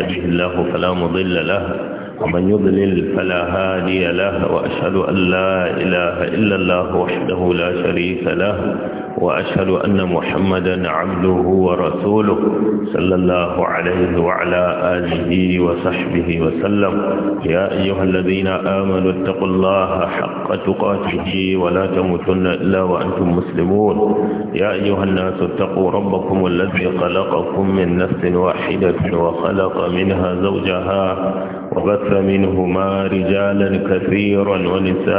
يهديه الله فلا مضل له ومن يضلل فلا هادي له وأشهد أن لا إله إلا الله وحده لا شريك له وأشهد أن محمدا عبده ورسوله صلى الله عليه وعلى آله وصحبه وسلم يا أيها الذين آمنوا اتقوا الله حق تقاته ولا تموتن إلا وأنتم مسلمون يا أيها الناس اتقوا ربكم الذي خلقكم من نفس واحدة وخلق منها زوجها وبث منهما رجالا كثيرا ونساء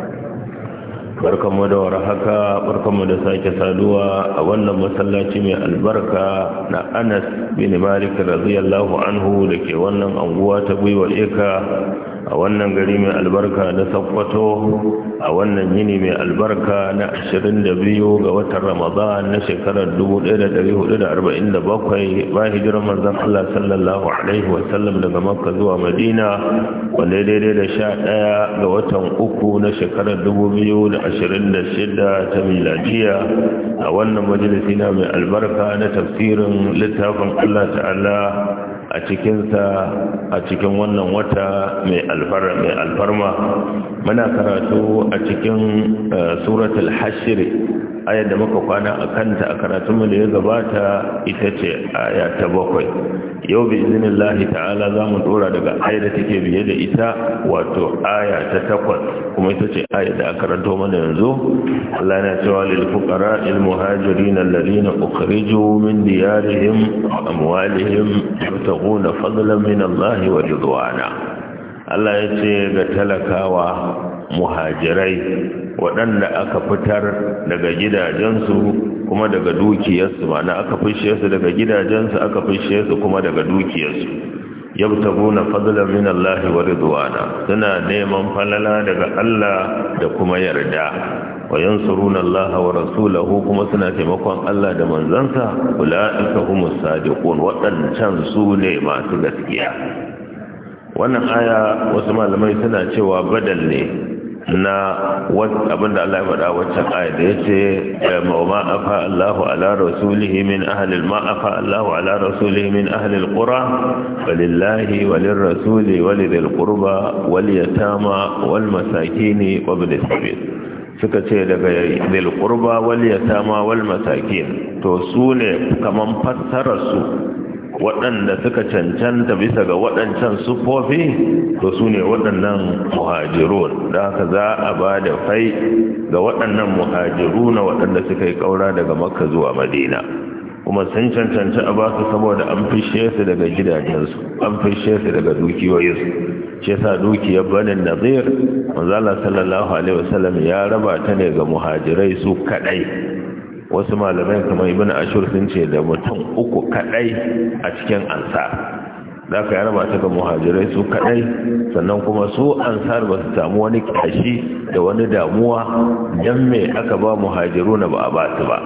barkanmu da warhaka barkanmu da sake saduwa a wannan masallaci mai albarka na anas bin malik radiyallahu anhu da ke wannan anguwa ta gwiwar eka a wannan gari mai albarka na sakkwato a wannan yini mai albarka na 22 ga watan ramadan na shekarar 1447 bayan hijirar manzan Allah sallallahu alaihi wasallam daga makka zuwa madina wanda daidai da sha daya ga watan uku na shekarar 2026 ta miladiya a wannan majalisi na mai albarka na tafsirin littafin Allah ta'ala a cikinsa a cikin wannan wata mai alfarma muna karatu a cikin eh, suratul hashiri ayar da muka kwana a kanta a karatunmu da ya gabata ita ce aya ta bakwai yau bi izinin lahi ta'ala za mu dora daga ayar da take biye da ita wato aya ta takwas kuma ita ce aya da aka ranto mana yanzu Allah na cewa lil fuqara al muhajirin alladhina ukhriju min diyarihim wa amwalihim yabtaghuna fadlan min Allah wa ridwana Allah ya ce ga talakawa muhajirai waɗanda aka fitar daga gidajensu kuma daga dukiyarsu na aka fishe su daga gidajensu aka fishe su kuma daga dukiyarsu yabtaguna fadlan min minan lahiwar zuwana suna neman falala daga Allah da kuma yarda wa yansuruna Allah wa rasulahu kuma suna taimakon Allah da manzansa ulaika humus sadiqun waɗancan su ne masu gaskiya wannan aya wasu malamai suna cewa badal ne na abin da Allah ya faɗa waccan ayat ya ce ma afa Allahu ala rasulihi min ahalil. ma Allahu ala rasulihi min ahalil ƙura. walillahi walirrasuli walidhil qurba wal yatama wal masakin wa ibn sabil suka ce daga dhil qurba wal yatama wal masakin to su ne kaman fassararsu. waɗanda suka cancanta bisa ga waɗancan sufofi to su ne waɗannan muhajirun da haka za a ba da fai ga waɗannan muhajiru na waɗanda suka yi ƙaura daga makka zuwa madina kuma sun cancanci a basu saboda an fishe su daga gidajensu an fishe su daga dukiyoyinsu ce sa dukiyar banin nazir manzala sallallahu alaihi wasallam ya raba ta ne ga muhajirai su kaɗai. wasu malamai kamar ibn ashur sun ce da mutum uku kadai a cikin ansar da ka yi raba ta ga muhajirai su kadai sannan kuma su ansar ba su samu wani kashi da wani damuwa don mai aka ba muhajiru na ba a ba su ba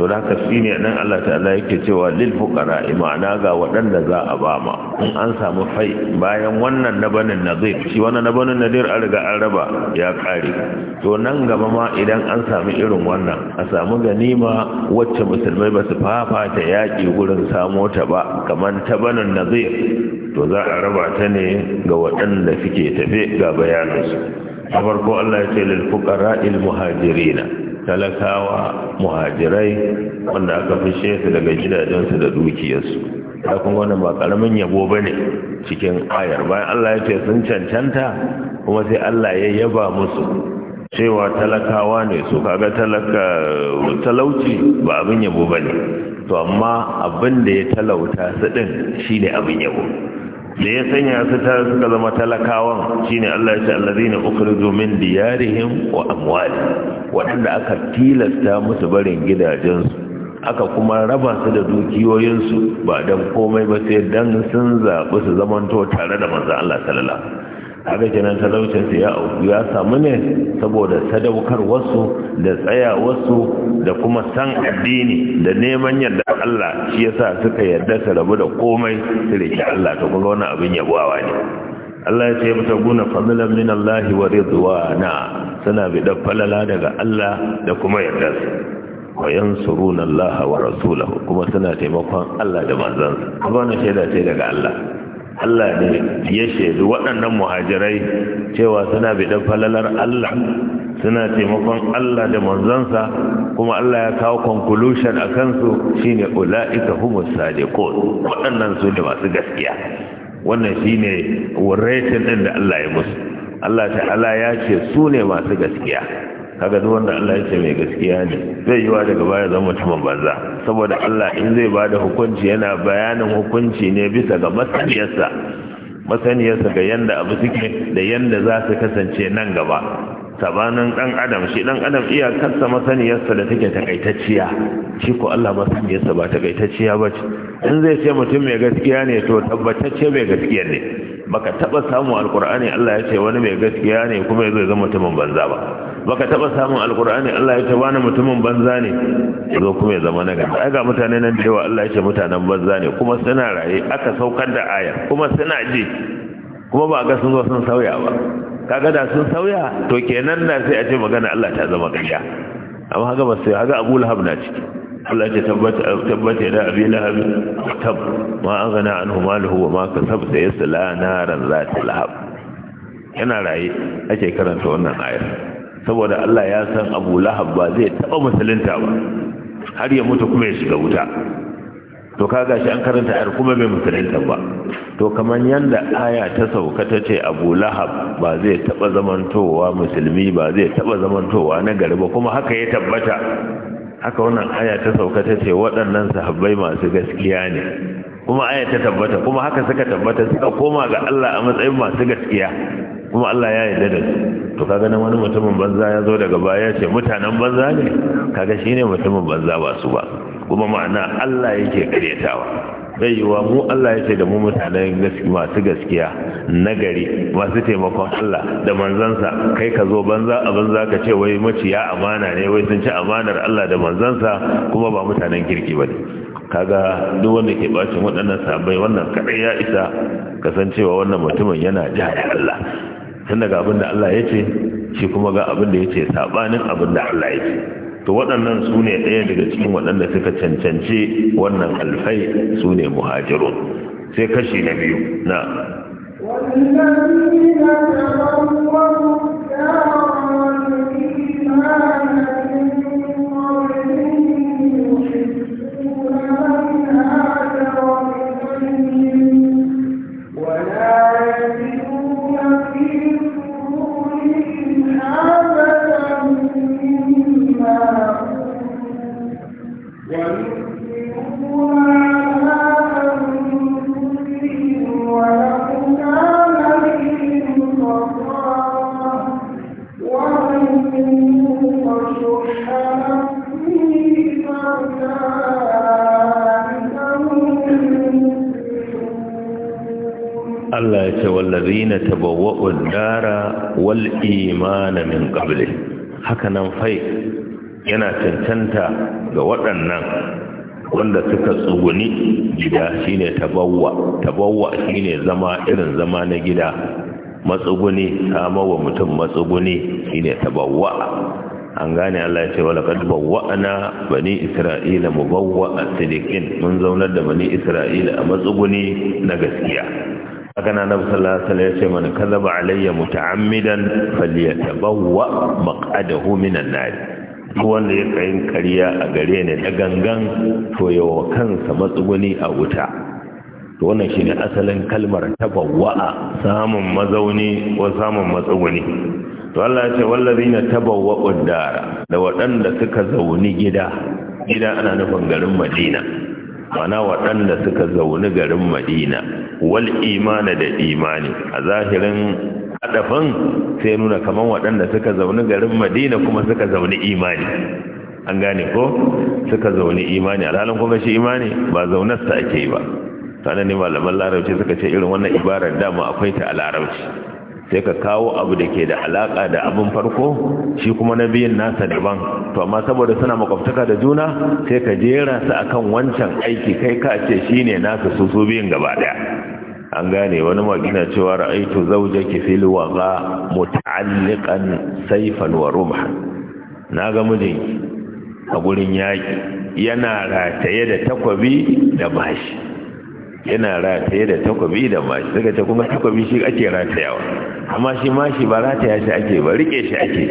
to da haka shi ne nan Allah ta'ala yake cewa lil fuqara imana ga waɗanda za a ba ma in an samu fai bayan wannan na banin nazir shi wannan na banin nadir an riga an raba ya kare to nan gaba ma idan an samu irin wannan a samu ganima wacce musulmai ba su fafata yaƙi gurin samo ta ba kamar ta banin nazir to za a raba ta ne ga waɗanda suke tafe ga bayanansu a farko Allah ya ce lil fuqara il muhajirina talakawa muhajirai wanda aka fi su daga gidajensu da dukiyarsu da kuma wani ba karamin yabo ba ne cikin ayar bayan Allah ya ce sun cancanta kuma sai Allah ya yaba musu cewa talakawa ne su kaga talaka talauci ba abin yabo ba ne to amma abin da ya talauta su ɗin shi ne abin yabo da ya sanya su ta suka zama talakawan shine Allah ya ce allazina ukhrijo min diyarihim wa amwali wadanda aka tilasta musu barin gidajensu aka kuma raba su da dukiyoyinsu ba dan komai ba sai dan sun zabi su zamanto tare da manzon Allah sallallahu kaga kenan talaucin su ya auku ya samu ne saboda sadaukar wasu da tsaya wasu da kuma san addini da neman yadda Allah shi yasa suka yarda su rabu da komai su rike Allah to kuma wannan abin yabuwa ne Allah ya ce mata guna fadlan min Allah wa ridwana suna da falala daga Allah da kuma yarda su wa yansuruna Allah wa rasulahu kuma suna taimakon Allah da manzansa kuma ne shaida ce daga Allah Allah ne ya shaidu waɗannan muhajirai cewa suna bidan falalar Allah suna taimakon Allah da manzansa kuma Allah ya kawo conclusion a kansu shine ula'ika humus sadiqun waɗannan su ne masu gaskiya wannan shine wurretin ɗin da Allah ya musu Allah ta'ala ya ce su ne masu gaskiya kaga duk wanda Allah ya ce mai gaskiya ne zai yiwa daga baya zama mutumin banza saboda Allah in zai bada hukunci yana bayanin hukunci ne bisa ga masaniyarsa masaniyarsa ga yanda abu suke da yanda za su kasance nan gaba sabanin dan adam shi dan adam iyakarsa masaniyarsa da take takaitacciya shi ko Allah masaniyarsa ba takaitacciya ba ce in zai ce mutum mai gaskiya ne to tabbatacce mai gaskiya ne baka taba samu alkur'ani Allah ya ce wani mai gaskiya ne kuma zai zama mutumin banza ba baka taba samun alkur'ani Allah ya tabana mutumin banza ne zo kuma ya zama nagari ai ga mutane nan da yawa Allah ya ce mutanen banza ne kuma suna raye aka saukar da aya kuma suna ji kuma ba ga sun zo sun sauya ba kaga da sun sauya to kenan na sai a ce magana Allah ta zama ƙarya amma haka ba sai haka Abu Lahab na ciki Allah ya tabbata tabbata da Abi Lahab tab ma aghna anhu maluhu wa ma kasab yasla naran zati lahab yana raye ake karanta wannan ayar saboda Allah ya san Abu Lahab ba zai taba musulunta ba har ya mutu kuma ya shiga wuta to kaga shi an karanta ayar kuma bai musulunta ba to kamar yanda aya ta sauka ta ce Abu Lahab ba zai taba zamantowa musulmi ba zai taba zamantowa na gari ba kuma haka ya tabbata haka wannan aya ta sauka ta ce waɗannan sahabbai masu gaskiya ne kuma aya ta tabbata kuma haka suka tabbata suka koma ga Allah a matsayin masu gaskiya kuma Allah ya yarda da su to kaga nan wani mutumin banza ya zo daga baya ya ce mutanen banza ne kaga shine mutumin banza ba su ba kuma ma'ana Allah yake karyatawa zai yiwa mu Allah ya ce da mu mutanen masu gaskiya nagari masu taimakon Allah da manzansa kai ka zo banza a banza ka ce wai maciya amana ne wai sun ci amanar Allah da manzansa kuma ba mutanen kirki ba ne kaga duk wanda ke bacin waɗannan sabai wannan kaɗai ya isa kasancewa wannan mutumin yana jihar Allah tun daga abin da Allah ya ce shi kuma ga abin da ya ce saɓanin abin da Allah ya ce to waɗannan su ne ɗaya daga cikin waɗanda suka cancanci wannan alfai su ne muhajiru, sai kashi na biyu na الذين تبوؤوا الدار wal من قبل hakanan fai yana cancanta ga waɗannan wanda suka tsuguni gida shine tabawwa tabawwa shine zama irin zama na gida matsuguni samawa mutum matsuguni shine tabawwa an gane Allah ya ce wala qad bawwa'na bani isra'ila mubawwa'a sidiqin mun zaunar da bani isra'ila a matsuguni na gaskiya gana na sallallahu alaihi ya ce mana kazaba alayya muta'ammidan falyatabawwa maq'adahu minan nar wanda ya kayin kariya a gare ni da gangan to yawa kansa matsuguni a wuta to wannan shine asalin kalmar tabawwa samun mazauni ko samun matsuguni to Allah ya ce wallazina tabawwa'ud dar da waɗanda suka zauni gida gida ana nufin garin Madina mana waɗanda suka zauni garin madina wal imana da imani a zahirin haɗafin sai nuna kamar waɗanda suka zauni garin madina kuma suka zauni imani an gane ko suka zauni imani alhalin kuma shi imani ba zaunarsa ake yi ba sanan malaman larabci suka ce irin wannan ibarar dama akwai ta a larabci sai ka kawo abu da ke da alaka da abin farko shi kuma na biyun nasa daban to amma saboda suna makwabtaka da juna sai ka jera su a kan wancan aiki kai ka ce shine nasa su su biyun gaba daya an gane wani magina cewa ra'aitu fili wa waqa muta'alliqan Saifan, wa Na ga mijinki a gurin yaki yana rataye da takwabi da bashi yana rataye da takwabi da bashi. daga ta kuma takwabi shi ake ratayawa amma shi ma shi ba ya shi ake ba rike shi ake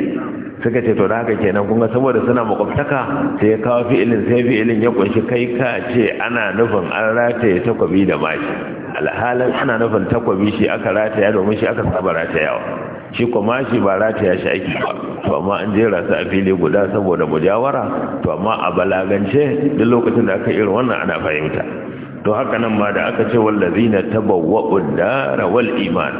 suka ce to da haka kenan kun ga saboda suna makwabtaka sai ya kawo fi'ilin sai fi'ilin ya kunshi kai ka ce ana nufin an rataye takwabi da mashi alhalin ana nufin takwabi shi aka rataya domin shi aka saba ratayawa shi kuma shi ba rataya shi ake ba to amma an jera su a fili guda saboda mujawara to amma a balagance duk lokacin da aka irin wannan ana fahimta to haka nan ma da aka ce wallazina tabawwa'ud dara wal iman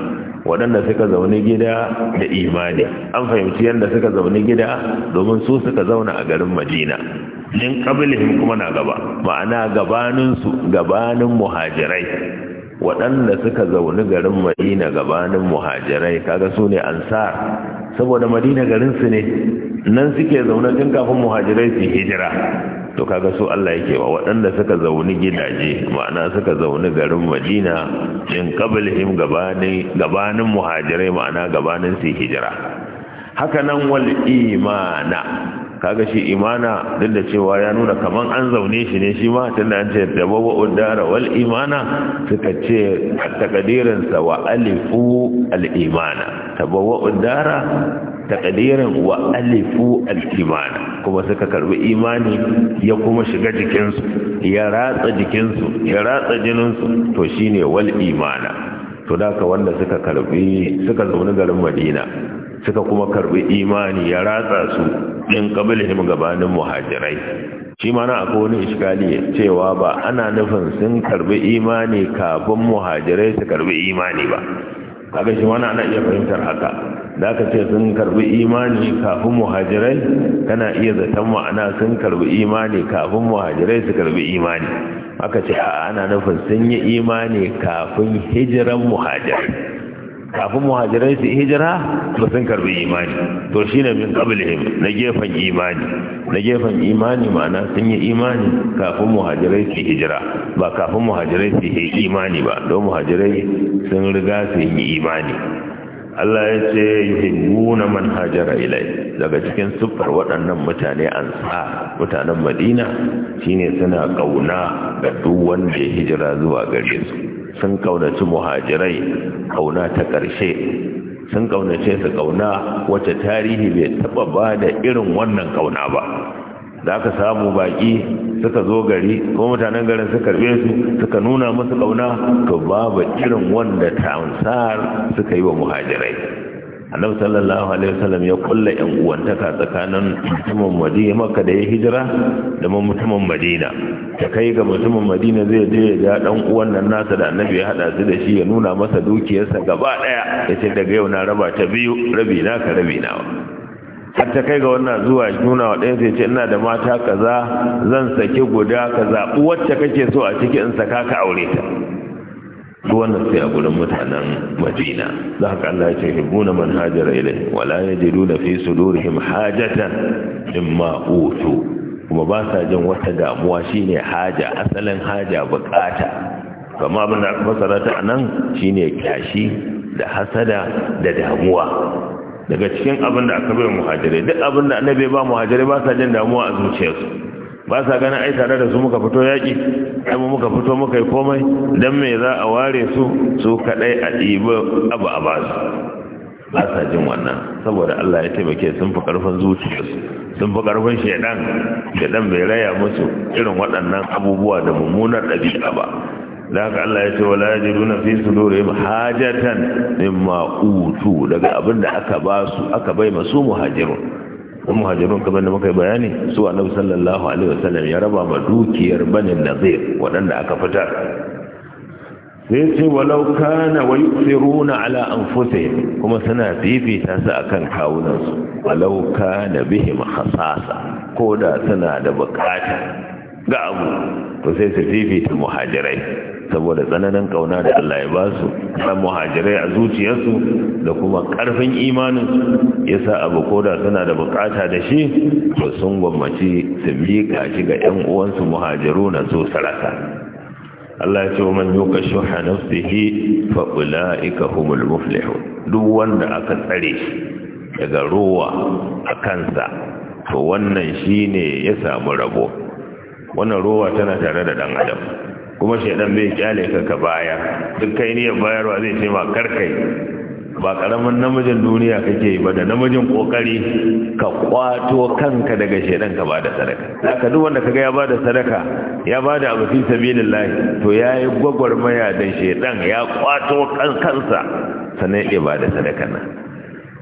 waɗanda suka zaune gida da imani an fahimci yadda suka zaune gida domin su suka zauna a garin madina Yin kabilihim kuma na gaba ma'ana gabaninsu gabanin muhajirai waɗanda suka zaune garin madina gabanin muhajirai kaga su ne ansar saboda madina garinsu ne nan suke zaune tun kafin muhajirai su hijira to kaga su Allah yake wa waɗanda suka zauni gidaje ma'ana suka zauni garin madina in qablihim gabanin muhajirai ma'ana gabanin su hijira haka nan wal imana kaga shi imana duk da cewa ya nuna kaman an zaune shi ne shi ma tunda an ce da babu udara wal imana suka ce takadirin sa wa alifu al imana tabawa udara takadirin wa alifu al imana kuma suka karbi imani ya kuma shiga jikinsu ya ratsa jikinsu ya ratsa jininsu to shine wal imana to da ka wanda suka karbi suka zaune garin madina suka kuma karbi imani ya ratsa su din qablihim gabanin muhajirai shi ma na akwai wani iskali cewa ba ana nufin sun karbi imani kafin muhajirai su karbi imani ba kaga shi mana ana iya fahimtar haka da aka ce sun karbi imani kafin muhajirai kana iya zaton ma'ana sun karbi imani kafin muhajirai su karbi imani aka ce a ana nufin sun yi imani kafin hijiran muhajirai kafin muhajirai su hijira ba sun karbi imani to shine min qablihim na gefen imani na gefen imani ma'ana sun yi imani kafin muhajirai su hijira ba kafin muhajirai su yi imani ba don muhajirai sun riga su yi imani Allah ya ce yi nuna man hajara ilai daga cikin siffar waɗannan mutane an sa mutanen Madina shine suna ƙauna ga duk wanda ya hijira zuwa gare su sun kaunaci muhajirai kauna ta ƙarshe sun kaunace su kauna wacce tarihi bai taba ba da irin wannan kauna ba da aka samu baƙi suka zo gari ko mutanen garin su karbe su suka nuna musu kauna to babu irin wanda tamsar suka yi wa muhajirai annabi sallallahu alaihi wasallam ya kulla yan uwantaka tsakanin mutumin madina makka da ya hijira da mutumin madina ta kai ga mutumin madina zai je ya dan uwan nan nasa da annabi ya hada su da shi ya nuna masa dukiyarsa gaba daya yace daga yau na raba ta biyu rabi na ka rabi wa? har ta kai ga wannan zuwa nuna wa ɗaya sai ce ina da mata kaza zan saki guda ka zaɓi wacce kake so a ciki in saka ka aure ta wannan sai a gurin mutanen madina za haka Allah ce hibbuna man hajara ilai wala yajiduna fi sudurihim hajatan mimma utu kuma ba sa jin wata damuwa shine haja asalin haja bukata kama abin da fasara ta nan shine kyashi da hasada da damuwa daga cikin abin da aka bai muhajirai duk abin da annabi ba muhajirai ba sa jin damuwa a zuciyarsu ba sa ganin ai tare da su muka fito yaƙi ai mu muka fito muka yi komai dan me za a ware su su kaɗai a ɗiba abu a ba su ba sa jin wannan saboda Allah ya taimake sun fi karfin zuciyarsu sun fi karfin shaidan shaidan bai raya musu irin waɗannan abubuwa da mummunar ɗabi'a ba da haka Allah ya ce wala yajiduna fi sudurihim hajatan mimma utu daga abinda aka ba su aka bai masu muhajirun da muhajirun kamar da muka yi bayani su annabi sallallahu alaihi wasallam ya raba ma dukiyar banin nazir waɗanda aka fitar sai ce walau kana wa yusiruna ala anfusihim kuma suna fifita su akan kawunansu walau kana bihim khasasa ko da suna da bukata ga abu to sai su fifita muhajirai saboda tsananin kauna da Allah ya ba su da muhajirai a zuciyarsu da kuma karfin imanin yasa abu koda suna da bukata da shi to sun gwammaci su miƙa shi ga 'yan uwansu muhajiru na zo sarasa Allah ya ce man yuka shuha nafsihi fa ulaika humul muflihu duk wanda aka tsare daga ruwa a kansa to wannan shine ya samu rabo wannan ruwa tana tare da dan adam kuma shaidan bai kyale ka ka baya duk kai niyyar bayarwa zai ce ma karkai ba karamin namijin duniya kake ba da namijin kokari ka kwato kanka daga shaidan ka bada sadaka haka duk wanda kaga ya bada sadaka ya bada abu fi sabilillah to yayi gwagwarmaya da shaidan ya kwato kansa sanai ya bada sadaka nan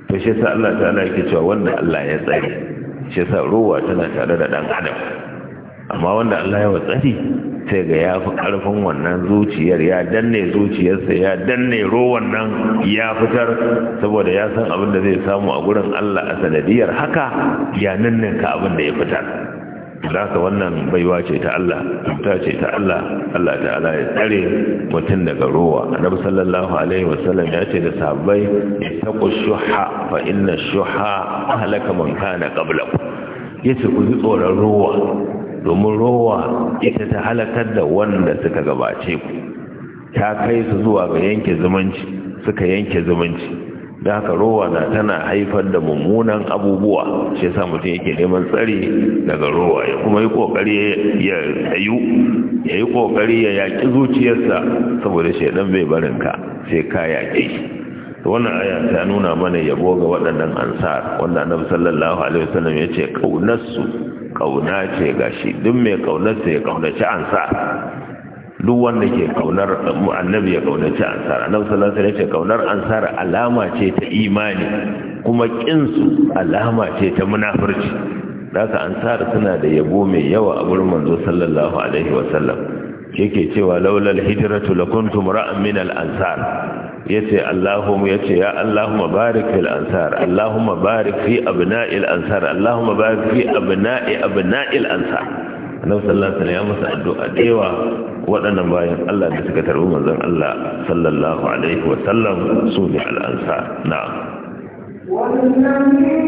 to shi sa Allah ta'ala yake cewa wannan Allah ya tsare shi sa ruwa tana tare da dan adam amma wanda Allah ya watsari sai ga ya fi ƙarfin wannan zuciyar ya danne zuciyarsa ya danne rowan nan ya fitar saboda ya san abin da zai samu a gurin Allah a sanadiyar haka ya ninninka abin da ya fitar da haka wannan baiwa ce ta Allah ta ce ta Allah Allah ta'ala ya tsare mutum daga rowa annabi sallallahu alaihi wasallam ya ce da sahabbai taqu shuha fa inna shuha halaka man kana qablakum yace ku tsoron rowa domin rowa ita ta halakar da wanda suka gabace ku ta kai su zuwa ga yanke zumunci suka yanke zumunci da haka rowa na tana haifar da mummunan abubuwa shi yasa mutum yake neman tsari daga rowa ya kuma yi kokari ya tsayu ya yi kokari ya yaki zuciyarsa saboda shaidan bai barin ka sai ka yaƙe shi wannan aya ta nuna mana yabo ga waɗannan ansar wanda annabi sallallahu alaihi wasallam ya ce kaunarsu kauna ce gashi duk mai kaunarsa ya kaunaci ansa? duk wanda ke kaunar annabi ya kaunaci ansar annabi sallallahu alaihi wasallam ce kaunar ansar alama ce ta imani kuma kin su alama ce ta munafurci haka ansar suna da yabo mai yawa a gurin manzo sallallahu alaihi wasallam yake cewa laulal hijratu lakuntum ra'an min al ansar yace Allahumma yace ya Allahumma barik fil ansar Allahumma barik fi abna'il ansar Allahumma barik fi abna'i abna'il ansar Annabi sallallahu alaihi wasallam ya masa addu'a dewa waɗannan bayan Allah da suka tarbi manzon Allah sallallahu alaihi wasallam su bi al ansar na'am والذين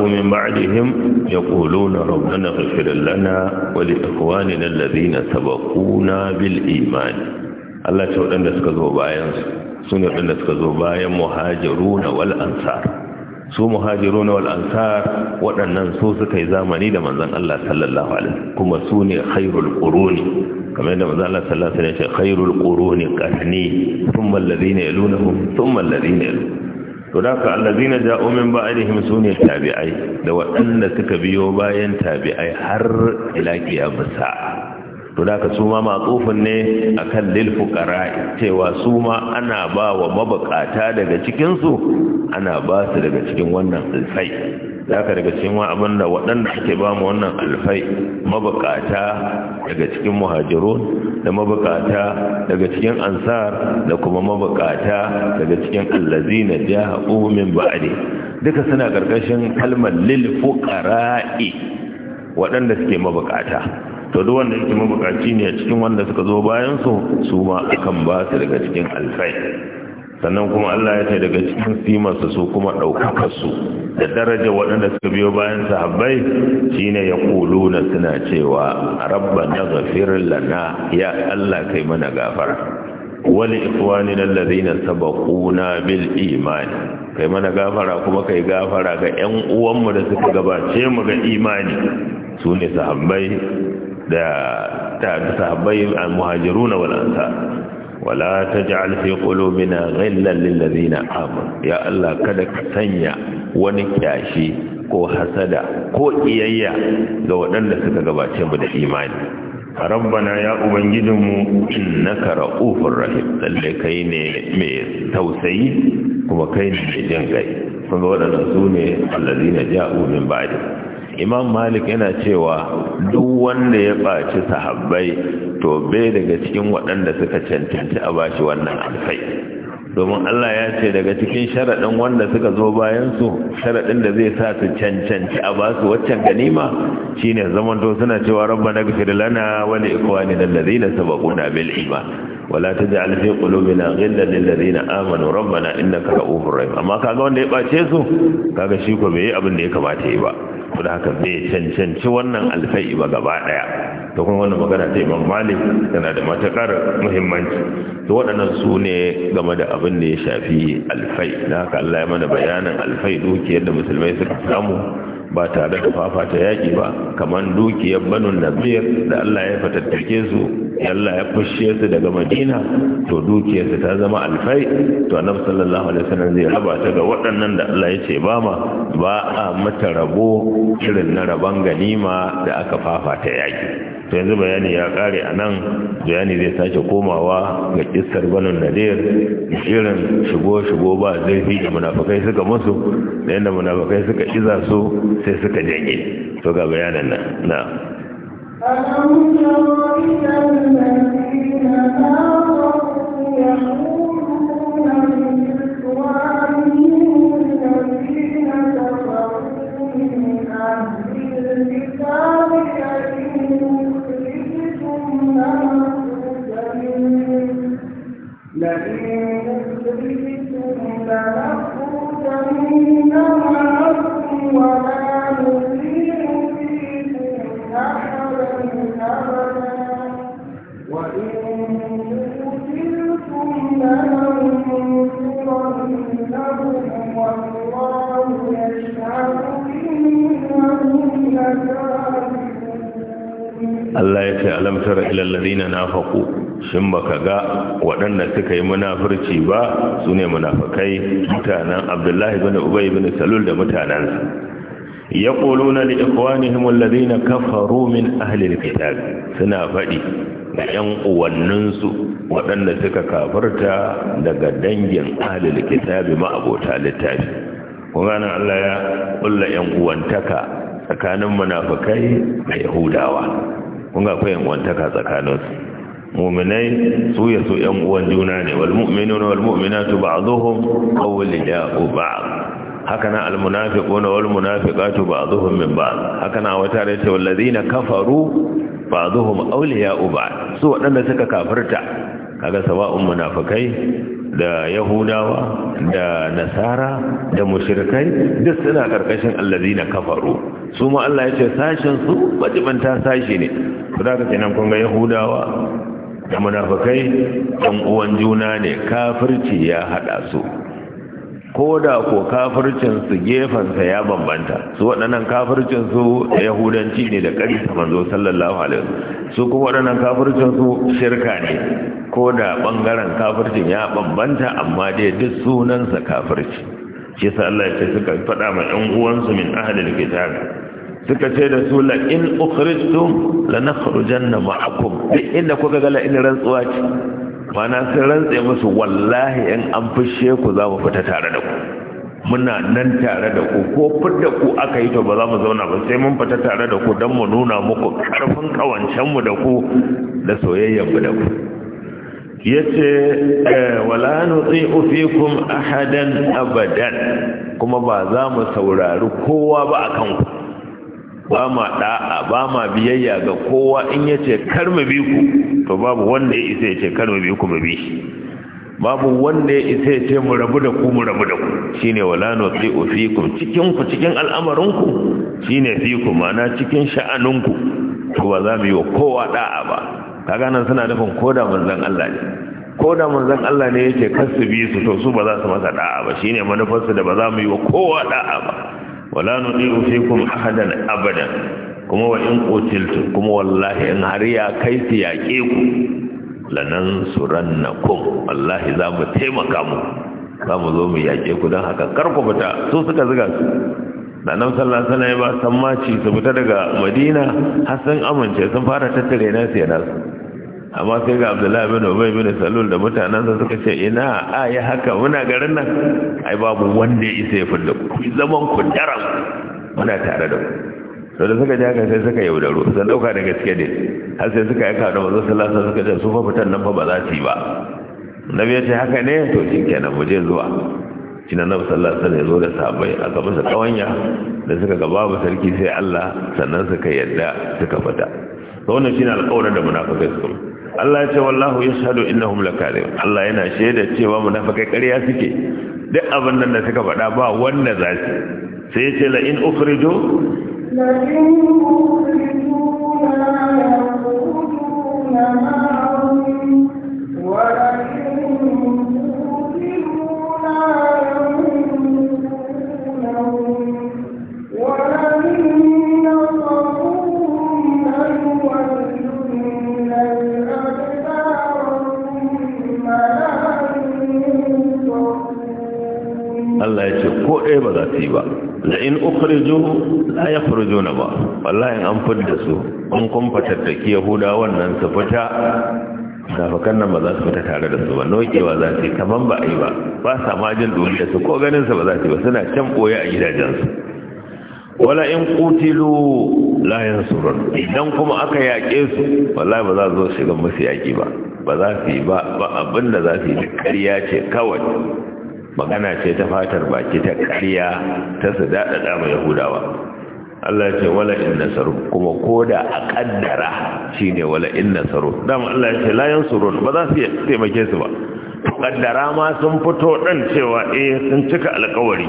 جاءوا من بعدهم يقولون ربنا اغفر لنا ولإخواننا الذين سبقونا بالإيمان الله تعالى أن بايان سنة أن بايان مهاجرون والأنصار su muhajiru na wal'ansar waɗannan su suka yi zamani da manzan Allah sallallahu Alaihi kuma su ne khairul ƙuruni kamar yadda manzan Allah sallallahu Alaihi ce khairul ƙuruni ƙarni sun mallazi ne luna sun mallazi luna to da ka allazina ja'u min ba'dihim sunni tabi'ai da waɗanda suka biyo bayan tabi'ai har ila kiyamus sa'a to da ka su ma matsufin ne akan lil fuqara cewa su ma ana ba wa mabukata daga cikinsu, ana ba su daga cikin wannan alfai da daga cikin abin da waɗanda ake ba mu wannan alfai mabukata daga cikin muhajirun da mabukata daga cikin ansar da kuma mabukata daga cikin allazina ja'u min ba'di duka suna karkashin kalmar lil fuqara'i waɗanda suke mabukata to duk wanda yake mabukaci ne cikin wanda suka zo bayansu, su su ma akan ba su daga cikin alfai sannan kuma Allah ya ce daga cikin simarsa su kuma su. da daraja waɗanda suka biyo bayan sahabbai shine ya ƙulu na suna cewa rabba na gafirin lana ya Allah kai mana gafara wani ikwani na lalazina sabakuna bil imani kai mana gafara kuma kai gafara ga 'yan uwanmu da suka gabace mu ga imani su ne sahabbai da ta sahabbai al wala taj'al fi qulubina ghillan lil ladina amanu ya Allah kada ka sanya wani kyashi ko hasada ko iyayya ga waɗanda suka gabace mu da imani rabbana ya ubangijinmu innaka ra'ufur rahim lalle kai ne mai tausayi kuma kai ne mai jin kai kuma waɗannan su ne allazina ja'u min ba'di imam malik yana cewa duk wanda ya baci sahabbai to bai daga cikin waɗanda suka cancanci a bashi wannan alfai domin Allah ya ce daga cikin sharaɗin wanda suka zo bayansu sharaɗin da zai sa su cancanci a basu waccan ganima shi zaman zamanto suna cewa rabbana gfir lana wani wa li ikwanina alladhina sabaquna bil kulubi na تجعل في قلوبنا غلا للذين Rabba na inda kaka رحيم amma kaga wanda ya ɓace su kaga shi ko bai abin da ya kamata yi ba ko da haka zai cancanci wannan alfai ba gaba daya to kuma wannan magana ta Imam Malik tana da matakar muhimmanci to waɗannan su ne game da abin da ya shafi alfai na haka Allah ya mana bayanin alfai dukiyar da musulmai suka samu ba tare da fafata yaƙi ba kamar dukiyar banu nabir da Allah ya fatattake su Allah ya fushe su daga Madina to dukiyarsu ta zama alfai to Annabi sallallahu alaihi wasallam zai raba ta ga waɗannan da Allah ya ce ba ma ba a mata rabo irin na raban ganima da aka fafata yaki to yanzu bayani ya kare anan nan bayani zai sake komawa ga kissar banin nadir irin shigo-shigo ba zai da munafakai suka musu da yadda munafakai suka iza su sai suka janye to ga bayanan nan na'am ألم تر إلى الذين نافقوا يقولون لإخوانهم الذين كفروا من أهل الكتاب إن أخرجتم لنخرجن لئن أخرجتم لنخرجن معكم ولا نخرجن Allah ya ce alamtar لكاذبون الله يتعلم ترى ba ka baka ga waɗanda suka yi munafurci ba su ne munafakai mutanen abdullahi bin ubay bin salul da su. ya ƙoluna da ikwanihim alladhina kafaru min ahli kitab suna faɗi da 'yan uwanninsu waɗanda suka kafarta daga dangin ahalil kitabi ma'abota littafi kuma Allah ya ƙulla 'yan uwantaka tsakanin munafukai da yahudawa kun ga akwai 'yan uwantaka tsakaninsu muminai su yaso uwan juna ne wal mu'minuna wal mu'minatu ba'dhuhum awliya'u ba'd haka na almunafiquna wal munafiqatu ba'dhum min ba'd haka na wata da ce wallazina kafaru ba'dhum awliya'u ba'd su wadanda suka kafirta kaga sawa'un munafikai da yahudawa da nasara da mushrikai duk suna karkashin allazina kafaru su ma Allah ya ce sashin su bajibanta sashi ne saboda kenan kun ga yahudawa da munafikai ɗan uwan juna ne kafirci ya hada su ko da ko kafircinsu gefensa ya bambanta su waɗannan kafircinsu da yahudanci ne da ƙarisa manzo sallallahu alaihi su kuma waɗannan kafircinsu shirka ne ko da ɓangaren kafircin ya bambanta amma dai duk sunansa kafirci shi sa Allah ya ce suka faɗa ma ƴan uwansu min ahlil kitab suka ce da su la in ukhrijtum lanakhrujanna ma'akum duk inda kuka ga la in rantsuwa ce mana sun rantse musu wallahi in an fushe ku za mu fita tare da ku muna nan tare da ku ko fidda ku aka yi to ba za mu zauna ba sai mun fita tare da ku don mu nuna muku karfin kawancenmu da ku da soyayyenmu da ku ya ce eh, wala nutsi ufikun ahadan abadan kuma ba za mu saurari kowa ba a kanku ba ma da'a ba ma biyayya ga kowa in ya ce kar mu bi ku to babu wanda ya isa ya ce kar mu bi ku mu bi shi babu wanda ya isa ya ce mu rabu da ku mu rabu da ku shine wala nusi'u fikum cikin ku cikin al'amarin ku shine fikum mana cikin sha'anun ku to ba za mu yi wa kowa da'a ba kaga nan suna nufin koda manzon Allah ne koda manzon Allah ne yake kasu bi su to su ba za su masa da'a ba shine manufar su da ba za mu yi wa kowa da'a ba wala nudi'u fikum ahadan abadan kuma wa in qutiltu kuma wallahi in har ya kai su yake ku lanan surannakum wallahi za mu taimaka mu za mu zo mu yake ku dan haka kar ku fita su suka zuga su da nan sallah sana ya ba san maci su fita daga madina har sun amince sun fara tattare na nasu amma sai ga abdullahi bin ubay bin salul da mutanansa suka ce ina a yi haka muna garin nan ai babu wanda ya isa ya fidda ku zaman ku daram muna tare da ku to da suka jaka haka sai suka yaudaro sai dauka daga gaske ne har sai suka aika da manzo sallallahu alaihi suka ce su fa fitan nan fa ba za su yi ba nabi ya ce haka ne to shikenan mu je zuwa shine na sallallahu alaihi wasallam ya zo da sahabbai gaban sa kawanya da suka ga babu sarki sai Allah sannan suka yadda suka fada to wannan shine alƙawarin da munafikai suka Allah ya ce wallahu yashhadu innahum lakadib Allah yana shaida cewa munafikai ƙarya suke duk abin nan da suka faɗa ba wanda za su sai ya ce la in ukhrijo la in ukhrijo la yakhruju ma'ahum wa kawai ba za su yi ba da in ukhriju la yakhrujuna ba wallahi an fidda su an kun ke yahuda wannan su fita kafakan nan ba za su fita tare da su ba nokewa za su yi kaman ba a yi ba ba sa ma jin da su ko ganin su ba za su yi ba suna can ɓoye a gidajensu wala in kutilu la yansurun idan kuma aka yaƙe su wallahi ba za su zo shiga musu yaƙi ba ba za su yi ba abinda za su yi ƙarya ce kawai magana ce ta fatar baki ta ƙarya ta su daɗaɗa mai yahudawa Allah ce wala in nasaru kuma koda a kaddara shine wala in nasaru dan Allah ce la yansurun ba za su taimake su ba Ƙaddara ma sun fito dan cewa eh sun cika alƙawari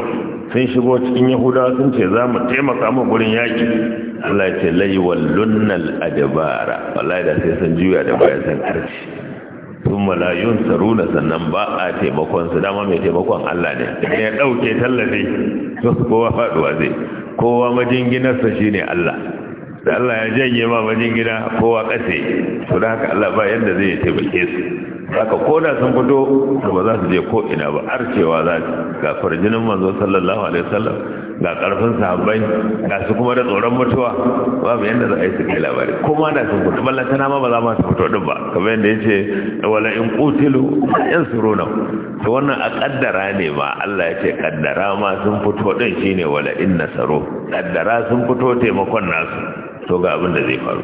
sun shigo cikin yahudawa sun ce za mu taimaka mu gurin yaki Allah ce lai wallunnal adbara wallahi da sai sun juya da bayan sun arci sun malayun saruna sannan ba a taimakon su dama mai taimakon Allah ne ya ɗauke tallafi kowa faɗuwa zai kowa majinginarsa shi ne Allah da Allah ya janye ma majingina kowa ƙase su da haka Allah ba yadda zai taimake su haka koda sun fito ba za su je ko ina ba arcewa za ga farjinin manzo sallallahu alaihi wasallam ga karfin sahabbai ga su kuma da tsoron mutuwa Ba mu yadda za a yi su kai labari kuma da sun fito ballan tana ma ba za ma su fito din ba kamar yadda yace wala in qutilu yan suruna to wannan a kaddara ne ma Allah ya ce kaddara ma sun fito din shine wala in nasaru kaddara sun fito taimakon nasu to ga abin da zai faru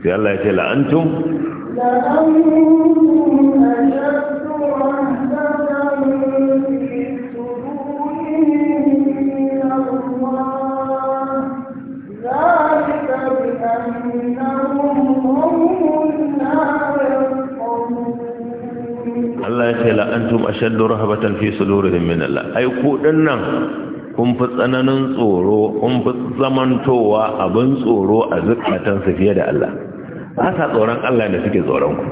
sai Allah ya ce Allah ya ce la antum ashaddu rahabatan fi sudurihim min Allah ai ku dinnan kun fi tsananin tsoro kun fi zamantowa abin tsoro a zukatan su fiye da Allah ba sa tsoron Allah da suke tsoron ku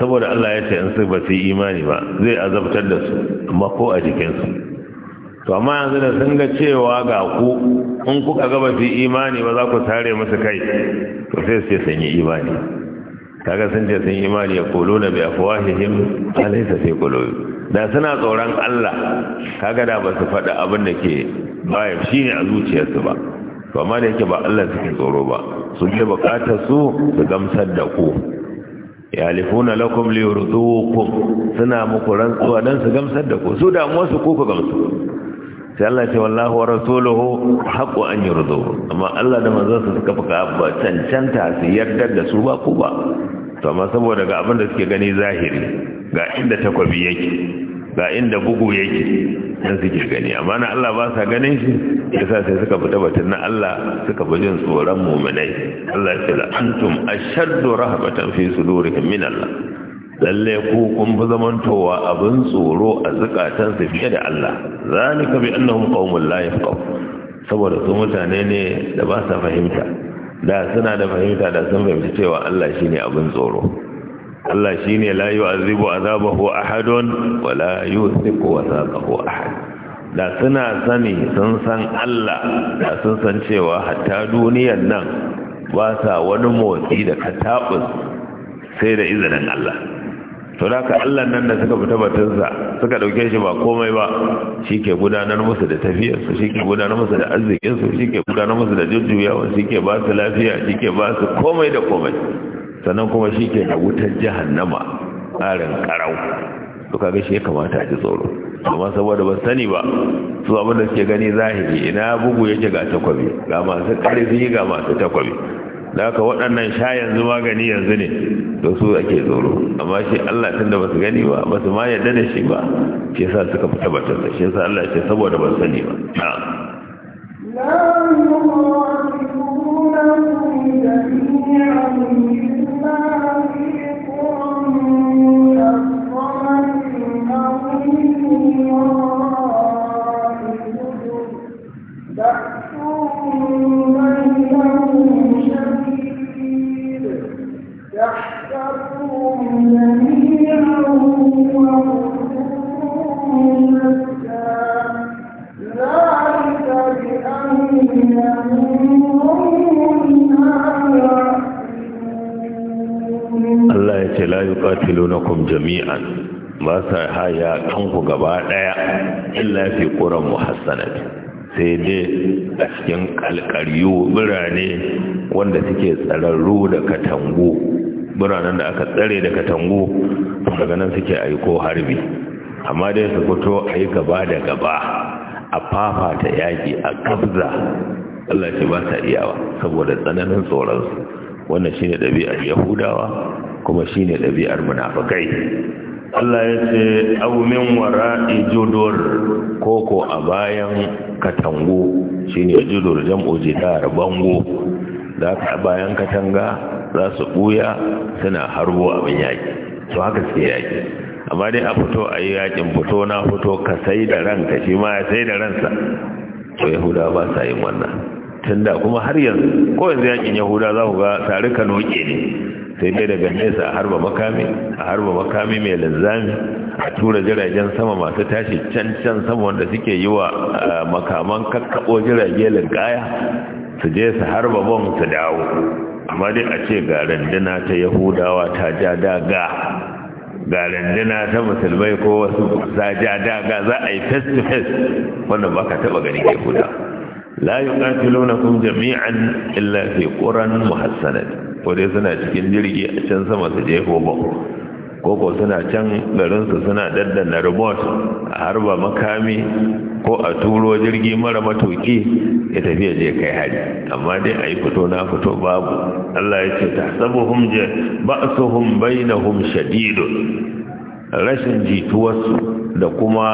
saboda Allah ya ce in su ba su yi imani ba zai azabtar da su amma ko a jikin su to amma yanzu da sun ga cewa ga ku in kuka ga ba su imani ba za ku tare musu kai to sai su ce sun yi imani kaga sun ce sun imani ya kolo na bi afwahihim alaysa fi qulubi da suna tsoron Allah kaga da ba su faɗa abin da ke baya shine a zuciyarsu ba to amma da yake ba Allah suke tsoro ba Su ke bukatar su su gamsar da ku Ya yalifuna lakum liyurdukum suna muku rantsuwa dan su gamsar da ku su damuwa su ku ku gamsu sai Allah ce wallahu wa rasuluhu haqqu an yurdu amma Allah da manzon suka fuka ba cancanta su yarda da su ba ku ba to amma saboda ga abin da suke gani zahiri ga inda takwabi yake ga inda bugu yake dan suke gani amma na Allah ba sa ganin shi yasa sai suka fita batun na Allah suka bujin tsoron mu'minai Allah ya ce la antum ashaddu rahbatan fi sudurihim min Allah lalle ku kun fi zamantowa abin tsoro a zukatansu fiye da Allah zalika bi annahum qaumun la yafqahu saboda su mutane ne da ba sa fahimta da suna da fahimta da sun fahimci cewa Allah shine abin tsoro Allah shine la yu'azibu azabahu ahadun wa la yuthiqu wathaqahu ahad da suna sani sun san Allah da sun san cewa hatta duniyar nan ba sa wani motsi da katabun sai da izinin Allah to da ka Allah nan da suka fita batunsa suka dauke shi ba komai ba shi ke gudanar musu da tafiyarsu shi ke gudanar musu da arzikinsu shi ke gudanar musu da jujjuyawa shi ke ba su lafiya shi ke ba su komai da komai sannan kuma shi ke da wutar jahannama tsarin karau to kaga shi ya kamata ji tsoro amma saboda ba sani ba su abin da suke gani zahiri ina bugu yake ga takwabi ga masu ƙarfi ga masu takwabi da haka waɗannan sha yanzu magani yanzu ne to su ake tsoro amma shi Allah tun da basu gani ba basu ma yadda da shi ba shi yasa suka fita da shi yasa Allah ce saboda ba sani ba na'am Allah ya ce la jami'an ba sa haya kanku gaba daya illa fi quran muhassanati sai dai a cikin kalkaryu birane wanda suke tsararru da katangu biranen da aka tsare da katangu daga nan suke aiko harbi amma dai su fito a yi gaba da gaba a fafata yaƙi a kabza Allah ce ba ta iyawa saboda tsananin tsoronsu wannan shi ne ɗabi'ar yahudawa kuma shi ne ɗabi'ar munafakai Allah ya ce abu aumin wara'i judur koko a bayan katangu shi ne judur jam'o jidar bango da bayan katanga za su ɓuya suna harbo abin yaƙi to haka suke yaƙi amma dai a fito a yi yaƙin fito na fito ka sai da ranka shi ma ya sai da ransa to yahuda ba sa yin wannan tun da kuma har yanzu ko yanzu yaƙin yahuda za ku ga tare ka noke ne sai dai daga nesa a harba makami a harba makami mai linzami a tura jiragen sama masu tashi can can sama wanda suke yi wa eh, makaman kakkaɓo jirage linkaya su je su harba bom su dawo amma dai a ce ga randuna ta yahudawa ta ja daga ga randuna ta musulmai ko wasu za ja daga za a yi fes to face wannan ba ka taɓa ganin yahuda la yi kun jami'an illa fi ƙuran muhassanat ko dai suna cikin jirgi a can sama su je ko ba koko suna can garinsu suna daddana remote a harba makami ko a turo jirgi mara matuki ya tafiya je kai hari amma dai a yi fito na fito babu Allah ya ce tasabuhum je ba'suhum bainahum shadidun rashin jituwarsu da kuma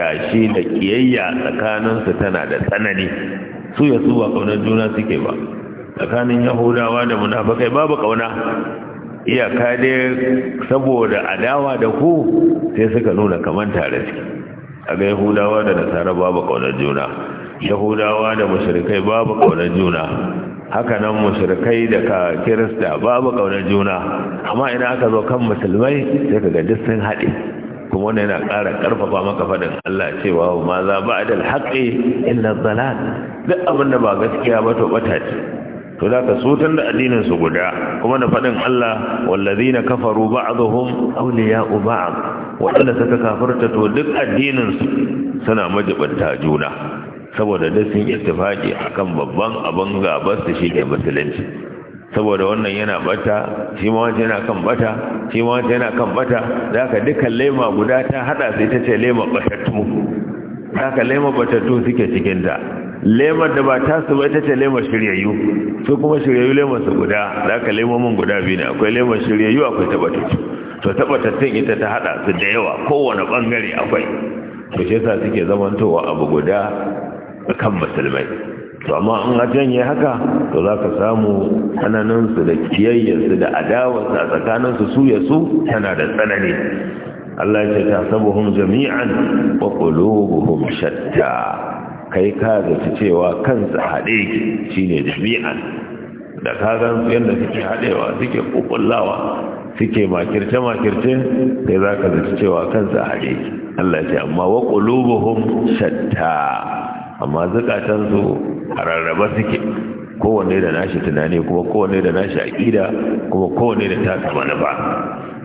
yashi da kiyayya tsakaninsu tana da tsanani su ya su ba kaunar juna suke ba tsakanin yahudawa da munafakai babu kauna iyaka dai saboda adawa da ku sai suka nuna kamar tare su a ga yahudawa da nasara babu kaunar juna yahudawa da mushrikai babu kaunar juna haka nan mushrikai da ka kirista babu kaunar juna amma ina aka zo kan musulmai sai ka ga duk sun haɗe kuma wannan yana ƙara ƙarfafa maka faɗin Allah cewa ma za ba da alhaƙi illa zalal duk abinda ba gaskiya ba to ɓata ce to da ka sutan da addinin su guda kuma da faɗin Allah wallazina kafaru ba'dhum awliya'u ba'd waɗanda suka kafirta to duk addinin su suna majibanta juna saboda da sun ittifaqi akan babban abin gaba su shige musulunci saboda wannan yana bata shi ma wancan yana kan bata shi ma wancan yana kan bata da ka dukkan lema guda ta hada sai ta ce lema batattu da ka lema batattu suke cikin ta lemar da ba ta su ba ita ce lemar shiryayyu su kuma shiryayyu lemar su guda da aka lemomin guda biyu ne akwai lemar shiryayyu akwai tabbatattu to tabbatattun ita ta hada su da yawa kowane bangare akwai to shi yasa suke zamantowa abu guda kan musulmai to amma in a janye haka to za ka samu tsananinsu da su da adawarsu a tsakaninsu su ya su tana da tsanani Allah ya ce ta sabuhum jami'an wa qulubuhum shatta kai ka zata cewa kansa haɗe ki ne jami'an da ka gan yadda suke haɗewa suke ƙuƙullawa suke makirce-makirce sai za ka zata cewa kansa haɗe ki Allah ce amma wa ƙulubuhun shatta amma zukatansu a rarraba suke kowanne da nashi tunani kuma kowanne da nashi aƙida kuma kowanne da ta na ba.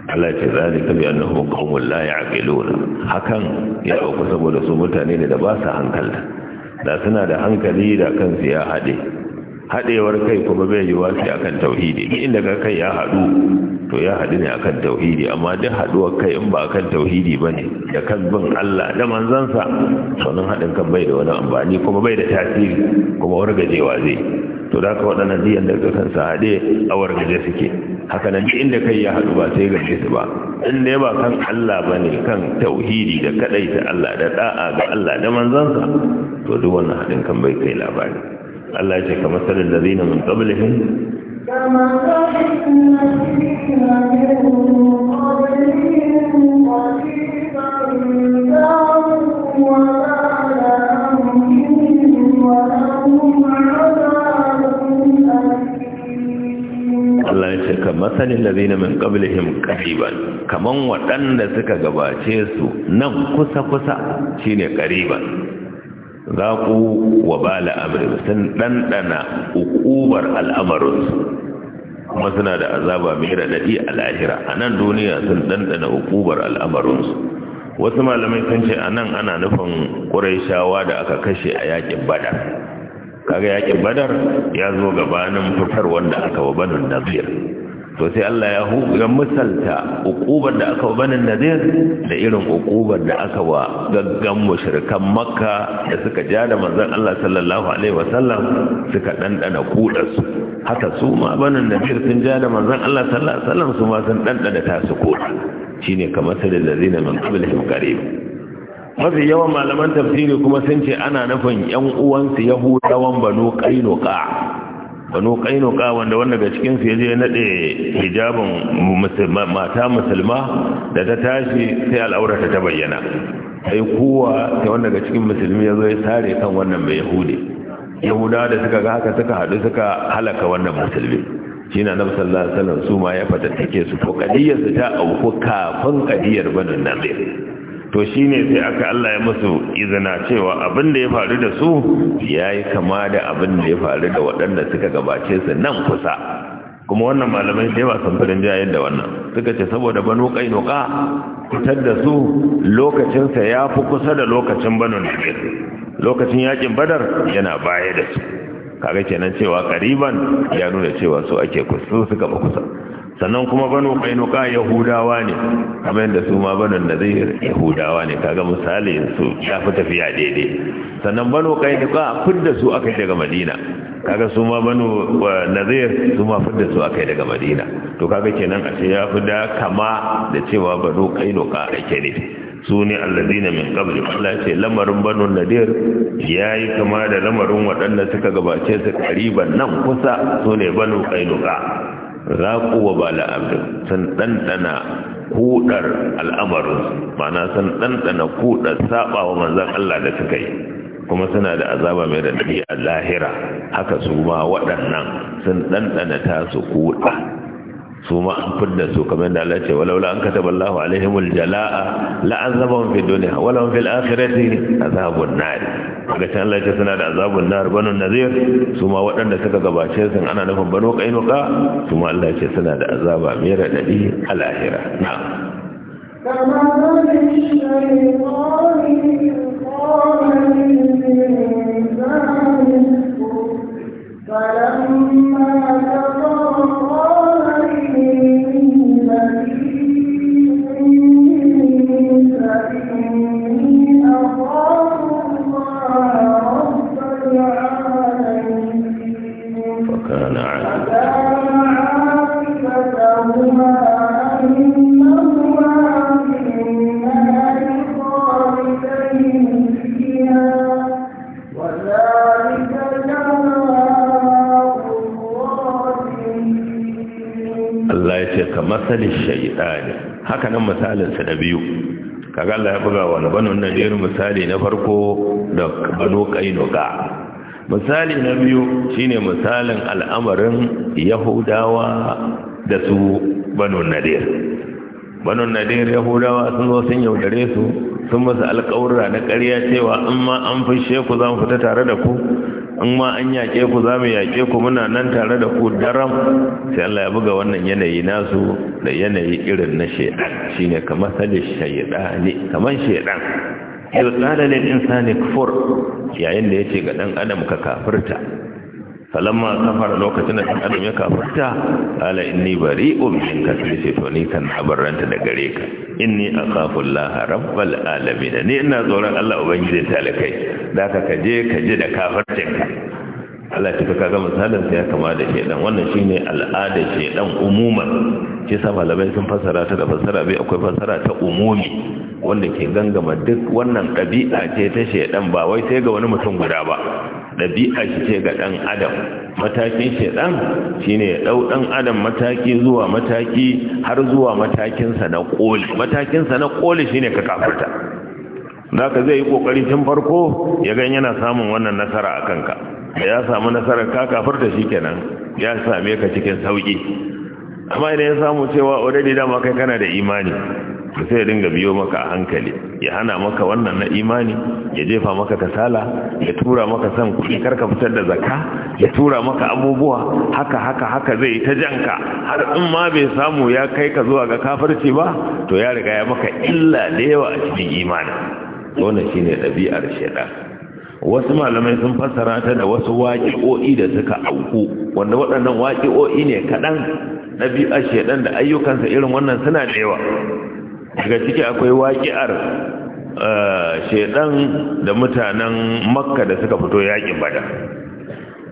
Allah ce za zalika bi annahum qaumun la ya'qiluna hakan ya ɗauka saboda su mutane ne da ba su hankalta da suna da hankali da kansu ya haɗe haɗewar kai kuma bai wasu a akan tauhidi Ni inda ka kai ya haɗu to ya haɗu ne akan tauhidi amma duk haɗuwar kai in ba kan tauhidi ba ne da kan bin Allah da manzansa sannan haɗin kan bai da wani amfani kuma bai da tasiri kuma wargajewa zai to da ka waɗannan ziyan da ka kansa haɗe a wargaje suke haka nan duk inda kai ya haɗu ba sai gaje su ba in ya ba kan Allah ba ne kan tauhidi da kaɗaita Allah da ɗa'a ga Allah da manzansa to duk wannan hadin kan bai kai labari Allah ya ce kamar sanin da zina mun qablihim Allah ya ce kamar sanin da zina mun qablihim qariban kaman waɗanda suka gabace su nan kusa-kusa shine qariban zaƙu wa bala amri sun ɗanɗana ukubar al'amarinsu kuma suna da azaba mai raɗaɗi a lahira a nan duniya sun ɗanɗana ukubar al'amarinsu wasu malamai sun ce a nan ana nufin ƙuraishawa da aka kashe a yakin badar kaga yakin badar ya zo gabanin fitar wanda aka wa banin nazir to sai Allah ya hu ya misalta uqubar da aka wa banin nadir da irin uqubar da aka wa gaggan mushrikan makka da suka ja da manzon Allah sallallahu alaihi wasallam suka dandana kudar su haka su ma banin nadir sun ja da manzon Allah sallallahu alaihi wasallam su ma sun dandana tasu kudar shine kamar sai da lazina min qablihim qarib mafi yawan malaman tafsiri kuma sun ce ana nufin yan uwansu yahudawan banu qainuqa banu kainuka wanda wanda ga cikin su yaje nade hijabin mata musulma da ta tashi sai al'aurata ta bayyana sai kowa sai wanda ga cikin musulmi yazo ya sare kan wannan mai yahudi yahudawa da suka ga haka suka haɗu suka halaka wannan musulmi shi na sallallahu alaihi wasallam su ma ya fatattake su ko kadiyar su ta auku kafin kadiyar banin nadir to shi ne sai aka Allah ya musu izina cewa abin da ya faru da su ya yi kama da abin da ya faru da waɗanda suka gabace su nan kusa kuma wannan malamai sai ba san farin jayen da wannan suka ce saboda banu noka fitar da su lokacinsa ya fi kusa da lokacin banu lokacin yakin badar yana baya da su kaga kenan cewa kariban ya nuna cewa su ake kusa suka fi kusa sannan kuma banu kainuka yahudawa ne kamar yadda su ma banu nazir yahudawa ne kaga misali su ya fi tafiya daidai sannan banu kainuka fidda su aka daga madina kaga su ma banu nazir su ma fidda su aka daga madina to kaga kenan a ce ya fi da kama da cewa banu kainuka ake ne su ne alladina min qabli Allah ce lamarin banu nadir yayi kama da lamarin waɗanda suka gabace su kariban nan kusa su ne banu kainuka zaƙu wa bala abdin sun ɗanɗana kuɗar al'amarin mana sun ɗanɗana kuɗar saɓa wa manzan Allah da suka yi kuma suna da azaba mai raɗaɗi a lahira haka su ma waɗannan sun ɗanɗana ta su kuɗa su ma an fidda su kamar da Allah ce walaula an kataba Allahu alaihimul jala'a la fi dunya wala fil akhirati azabun nar ga can Allah ya suna da azabun nar banu nazir su ma waɗanda suka gabace sun ana nufin banu kainuka su ma Allah ya suna da azaba mai radadi a lahira na'am kama masalin haka nan misalinsa da biyu kaga Allah ya buga wa wannan da irin misali na farko da bano kainuka misali na biyu shine misalin al'amarin yahudawa da su bano nadir bano nadir yahudawa sun zo sun yaudare su sun masa alƙawura na ƙarya cewa in ma an fushe ku zan fita tare da ku in ma an yaƙe ku za mu yaƙe ku muna nan tare da ku daram sai Allah ya buga wannan yanayi nasu da yanayi irin na shaidan shine kamar sadin shaidani kamar shaidan yau tsananin insani kufur yayin da ya ce ga ɗan adam ka kafirta falamma kafar lokacin da ɗan adam ya kafarta ala inni bari'un minka sai ce to ni kan abarranta da gare ka inni akhafu Allah rabbal alamin ni ina tsoron Allah ubangijin talakai da ka kaje ji da kafarcin ka Allah ta kaga misalin ya kama da shedan wannan shine al'ada shedan umuman shi sa malamai sun fassara ta da fassara bai akwai fassara ta umumi wanda ke gangama duk wannan ɗabi'a ce ta shedan ba wai sai ga wani mutum guda ba ɗabi'a shi ce ga ɗan adam matakin ɗan shi ne ɗau ɗan adam mataki zuwa mataki har zuwa matakinsa na ƙoli matakinsa na ƙoli shine ka kafarta za ka zai yi ƙoƙari tun farko ya gan yana samun wannan nasara a kanka da ya samu nasarar ka kafarta shi kenan ya same ka cikin sauƙi amma idan ya samu cewa already dama kai kana da imani to sai dinga biyo maka a hankali ya hana maka wannan na imani ya jefa maka kasala ya tura maka san kuɗi karka fitar da zakka ya tura maka abubuwa haka haka haka zai ta janka har in ma bai samu ya kai ka zuwa ga kafirci ba to ya riga ya maka illa da yawa a cikin imani wannan shine ɗabi'ar shaidan wasu malamai sun fassara ta da wasu waƙi'o'i da suka auku wanda waɗannan waƙi'o'i ne kaɗan ɗabi'ar shaidan da ayyukansa irin wannan suna da yawa daga ciki akwai waƙi'ar eh, shaidan da mutanen makka da suka fito yaƙin badar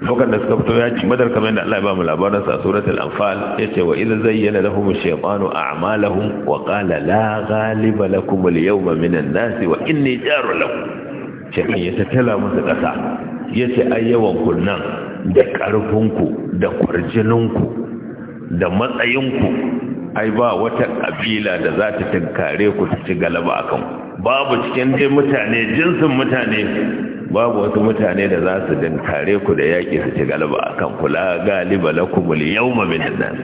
lokacin da suka fito yaƙin badar kamar yadda Allah ya ba mu labarin sa suratul anfal yace wa idza zayyana lahum ash a a'malahum wa qala la ghaliba lakum al-yawma minan nas wa inni jaru lakum shaytan ya tattala musu kasa yace ayyawan kunnan da karfinku da kwarjininku da matsayinku ai ba wata kabila da za ta tinkare ku ta ci galaba akan babu cikin dai mutane jinsin mutane babu wasu mutane da za su tinkare ku da yaƙi su ci galaba akan kula galiba lakumul yawma min nas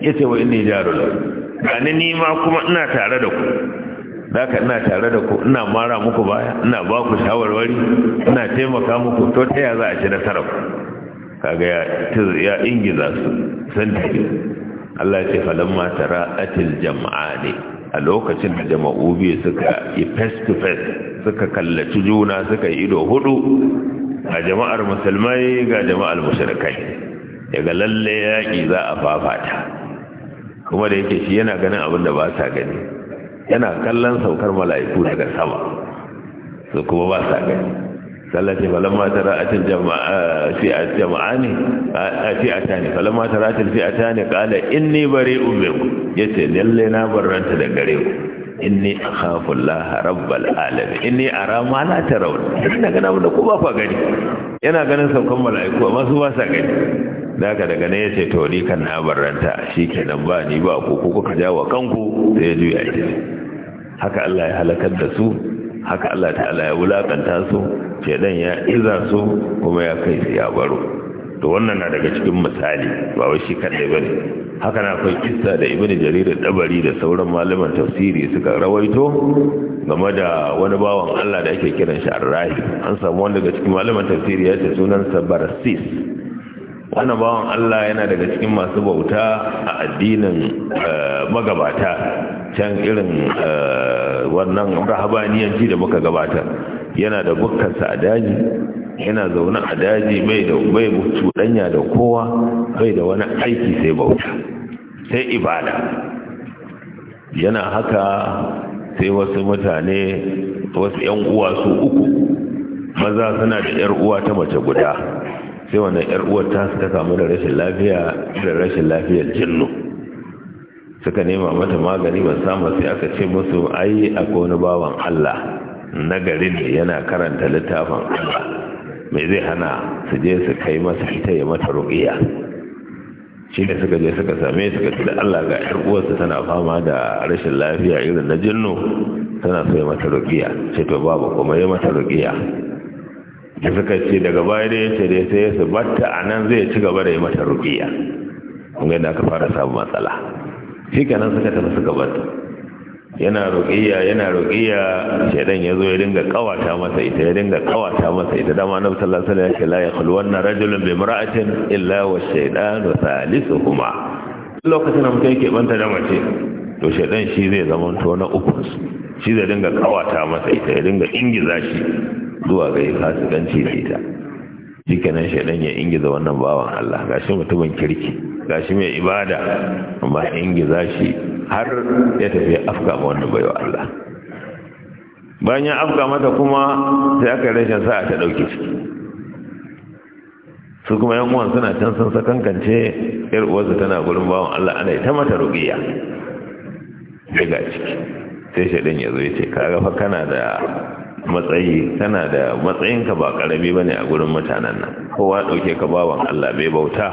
yace wa inni jarul gani ni ma kuma ina tare da ku Daka ina tare da ku ina mara muku baya ina ba ku shawarwari ina taimaka muku to ta ya za a ci ku? kaga ya ingiza su sun tafi Allah ya ce falamma tara'atil jam'ani a lokacin da jama'u biyu suka yi face to face suka kallaci juna suka yi ido hudu a jama'ar musulmai ga jama'ar musulkai daga lalle yaƙi za a fafata kuma da yake shi yana ganin abin da ba sa gani yana kallon saukar mala'iku daga sama su kuma ba sa gani sallah ce falamma tara'atil jama'a fi jama'ani fi atani falamma tara'atil fi atani qala inni bari'un Ya ce lalle na barranta da gare ku inni akhafu Allah rabbal alamin inni a rama na tarawun ina gana da ku ba ku gani yana ganin saukan mala'iku amma su ba sa gani da haka daga ne yace to ni kan na barranta shikenan ba ni ba ku ku kuka jawo kanku sai ya juya haka Allah ya halakar da su haka Allah ta'ala ya wulakanta su shedan ya iza su kuma ya kai su ya baro to wannan na daga cikin misali ba wai shi kadai bane haka na kai kissa da ibnu jarir dabari da sauran malaman tafsiri suka rawaito game da wani bawan Allah da ake kiran shi arrahi an samu wanda daga cikin malaman tafsiri ya ce sunan sa barsis wannan bawan Allah yana daga cikin masu bauta a addinin eh, magabata can irin eh, wannan rahabaniyanci da muka gabata yana da bukkansa a daji yana zaune a daji mai da cuɗanya da kowa Mai da wani aiki sai bauta sai ibada yana haka sai wasu mutane wasu 'yan uwa su uku maza suna da 'yar uwa ta mace guda sai wannan 'yar uwar ta suka samu da rashin lafiya da rashin lafiyar jinnu suka nema mata magani ba samu sai aka ce musu ai a kone bawan Allah na garin ne yana karanta littafin Allah mai zai hana su je su kai masa ita ya mata ruqiya shi da suka je suka same suka ce da Allah ga 'yar uwarsa tana fama da rashin lafiya irin na jinnu tana so ya mata ruqiya sai to babu kuma ya mata ruqiya da suka ce daga baya da yace da sai su batta anan zai ci gaba da ya mata ruqiya kun ga da aka fara samu matsala shi suka tafi suka bata yana roƙiya yana roƙiya shaidan ya zo ya dinga kawata masa ita ya dinga kawata masa ita dama na sallallahu alaihi wasallam ya ce la yakhluwanna rajulun bi imra'atin illa wa shaytanu salisuhuma lokacin da mutum yake banta da mace to shaidan shi zai zama to na uku shi zai dinga kawata masa ita ya dinga ingiza shi zuwa ga fasikanci da ita shikenan shaidan ya ingiza wannan bawan Allah gashi mutumin kirki gashi mai ibada amma ingiza shi har ya tafi afka ma wannan baiwa Allah bayan ya afka mata kuma sai aka rashin sa'a ta dauke shi su kuma yan uwan suna can sun sakankance yar uwarsa tana gurin bawan Allah ana ta mata Sai daga ciki sai shi ya zo ya ce 'Ka fa kana da matsayi tana da matsayinka ba karami bane a gurin mutanen nan kowa dauke ka bawan Allah bai bauta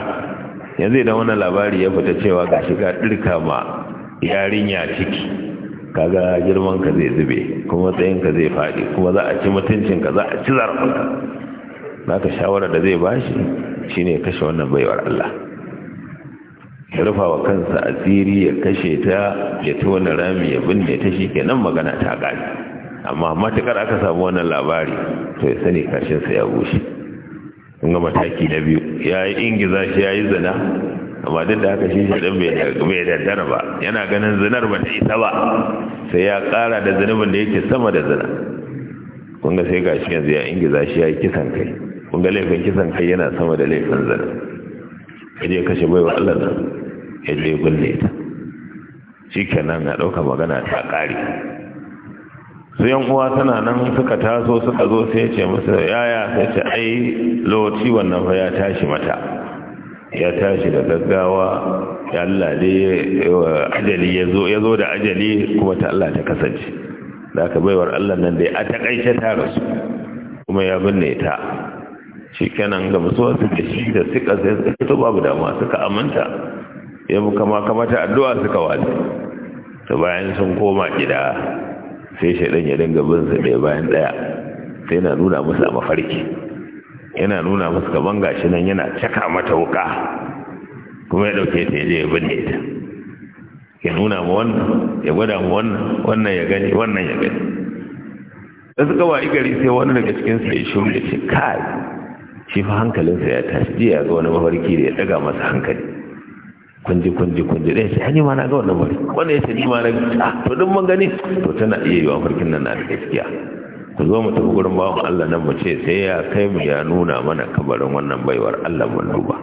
yanzu idan wani labari ya fita cewa ga shiga ɗirka ma yarinya ciki kaga girman ka zai zube kuma matsayin ka zai faɗi kuma za a ci mutuncin ka za a ci ka za ka shawara da zai bashi shine kashe wannan baiwar Allah ya rufa wa kansa asiri ya kashe ta ya tona rami ya binne ta shi kenan magana ta gani amma matukar aka samu wannan labari to ya sani karshen sa ya bushe ga mataki na biyu ya yi ingiza shi ya yi zina amma duk da haka shi shaɗin bai daddara ba yana ganin zinar ba ta isa ba sai ya ƙara da zunubin da yake sama da zina kun ga sai gashi yanzu ya ingiza shi ya yi kisan kai kun ga laifin kisan kai yana sama da laifin zina ya je kashe bai wa Allah nan ya je gulle ta shi kenan na ɗauka magana ta ƙare sai yan uwa tana nan suka taso suka zo sai ce musu yaya sai ce ai lokaci wannan fa ya tashi mata ya tashi da gaggawa ya Allah dai ajali ya zo ya zo da ajali kuma ta Allah ta kasance da aka baiwar Allah nan dai a takaice ta rasu kuma ya binne ta shi kenan ga musu wasu da shi da suka sai suka to babu damuwa suka aminta ya kama kamata addu'a suka wani to bayan sun koma gida sai shaidan ya dinga bin su ɗaya bayan ɗaya sai na nuna musu a mafarki yana nuna musu kaman gashi nan yana caka mata wuka kuma ya ɗauke ta ya je ya binne ta ya nuna ma wannan ya gwada ma wannan wannan ya gani wannan ya gani da suka wa gari sai wani daga cikin su ya shi ya ce kai shi fa hankalinsa ya tashi jiya ga wani mafarki da ya daga masa hankali kunji kunji kunji ɗaya sai hanyi ma na ga wannan bari wanda ya sani ma na ga ah, to duk mun gani to tana iya yiwa farkin nan na da gaskiya ku zo mu tafi gurin bawan Allah nan mu ce sai ya kai mu ya nuna mana kabarin wannan baiwar Allah mu duba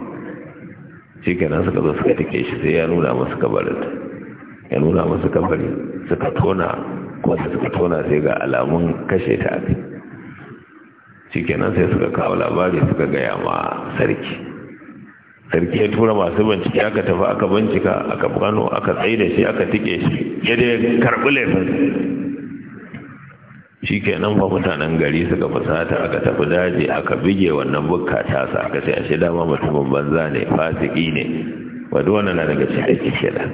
kenan suka zo suka take shi sai ya nuna musu kabarin ya nuna musu kabarin suka tona ko suka tona sai ga alamun kashe ta shi kenan sai suka kawo labari suka gaya ma sarki sarki ya tura masu bincike aka tafi aka bincika aka gano aka tsaye da shi aka tike shi ya dai karɓi laifin shi kenan fa mutanen gari suka fusata aka tafi daji aka bige wannan bukka tasa aka sai shi, dama mutumin banza ne fasiki ne wadda wannan na daga cikin aiki da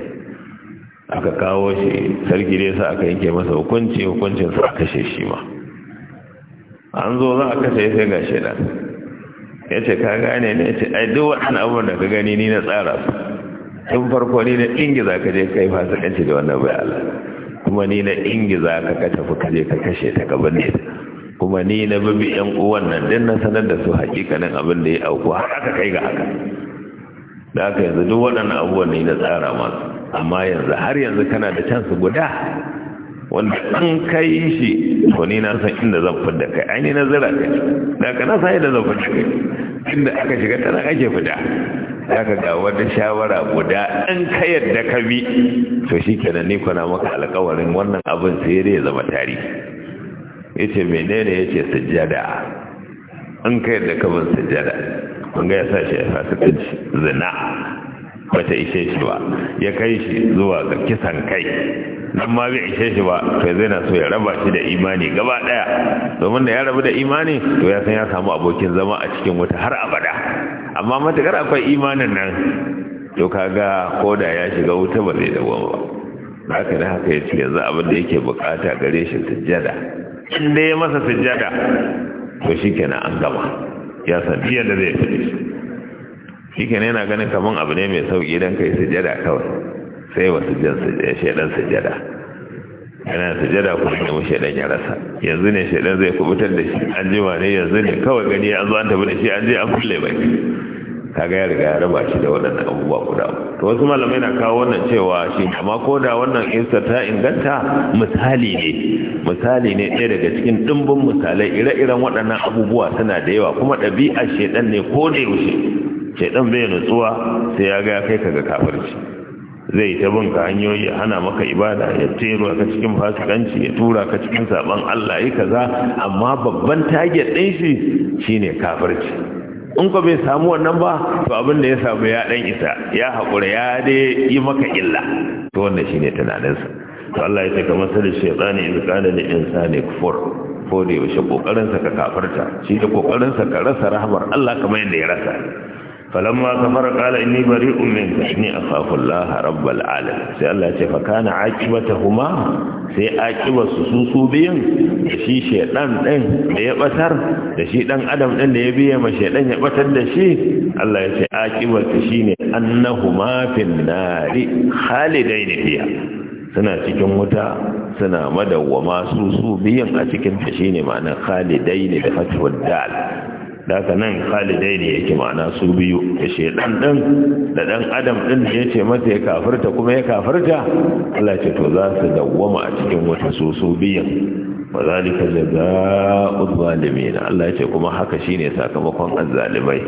aka kawo shi sarki dai sa aka yanke masa hukunci hukuncin sa aka kashe shi ma an zo za a kashe sai ga shi ya ce ka gane ne ya ce ai duk waɗannan abubuwan da ka gani ni na tsara su tun farko ni na ingiza ka je kai fasikanci da wannan bai Allah kuma ni na ingiza ka ka tafi ka je ka kashe ta gaban ne kuma ni na babi yan uwan nan din na sanar da su hakikanin abin da ya auku har aka kai ga haka da aka yanzu duk waɗannan abubuwan ne na tsara masu amma yanzu har yanzu kana da cansu guda wanda an kai shi to ni na san inda zan fidda kai ai ni na zira kai da ka na san da zan fidda kai inda aka shiga tana ake fita zaka ga wata shawara guda an ka yadda ka bi to shikenan ni na maka alƙawarin wannan abin sai dai ya zama tarihi yace menene yace sujjada An ka yadda ka bin sujjada kun ga ya sa shi ya kanci zina bata ishe shi ba ya kai shi zuwa ga kisan kai nan ma bai ishe shi ba to zai na so ya raba shi da imani gaba daya domin da ya rabu da imani to ya san ya samu abokin zama a cikin wuta har abada amma matakar akwai imanin nan to kaga da ya shiga wuta ba zai dawo ba haka da haka yace yanzu abin da yake bukata gare shi sujjada in dai ya masa sujjada to shikenan an gama ya san biya da zai Shi shikenan yana ganin kaman abu ne mai sauki dan kai sujjada kawai sai wa shaidan sujada yana sujada kuma ne shaidan ya rasa yanzu ne shaidan zai kubutar da shi an jima ne yanzu ne kawai gani an zo an tafi da shi an je an kulle bai kaga ya riga ya raba shi da waɗannan abubuwa guda to wasu malamai na kawo wannan cewa shi amma ko da wannan insa ta inganta misali ne misali ne ɗaya daga cikin ɗimbin misalai ire-iren waɗannan abubuwa suna da yawa kuma ɗabi'ar shaidan ne ko da yaushe shaidan bai nutsuwa sai ya ga kai kai kaga kafirci zai ta bin ka hanyoyi ya hana maka ibada ya tero ka cikin fasikanci ya tura ka cikin saban Allah yi kaza amma babban target ɗin shi shine kafirci in ko bai samu wannan ba to abin da ya samu ya dan isa ya hakura ya dai yi maka illa to wannan shine tunaninsa to Allah ya ce kamar sai shaytani in kana da insani kufur ko da yaushe kokarin sa ka kafirta shi da kokarin sa ka rasa rahmar Allah kamar yadda ya rasa falamma kafara kala inni bari min inni akhafu Allah rabbal alamin sai Allah ya ce fa kana huma, sai aqibatsu su su biyan da shi shedan din da ya batar da shi dan adam din da ya biya ma shedan ya batar da shi Allah ya ce ta shine annahuma fin nari khalidain fiha suna cikin wuta suna madawwama su su biyan a cikin ta shine ma'anar khalidain da fatwad dal da haka nan Khalidai ne yake ma'ana su biyu ya ce ɗan ɗan da ɗan adam ɗin ya ce mata ya kafirta kuma ya kafirta Allah ce to za su dawwama a cikin wata su su biyan ba za ni na Allah ce kuma haka shine sakamakon azzalimai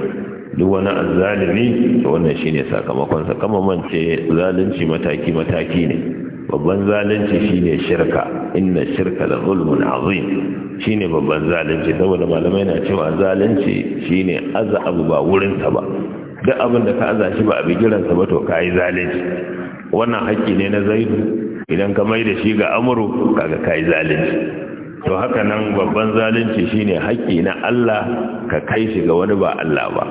duk wani azzalimi to wannan shine sa, kama mance zalunci mataki mataki ne babban zalunci shine shirka inna shirka la zulmun azim shine babban zalunci saboda malamai na cewa zalunci shine aza ba wurin sa ba duk abin da ka aza shi ba a bigiran sa ba to kai zalunci wannan haƙƙi ne na zaid idan ka mai da shi ga amuru kaga kai zalunci to haka nan babban zalunci shine haƙƙi na Allah ka kai shi ga wani ba Allah ba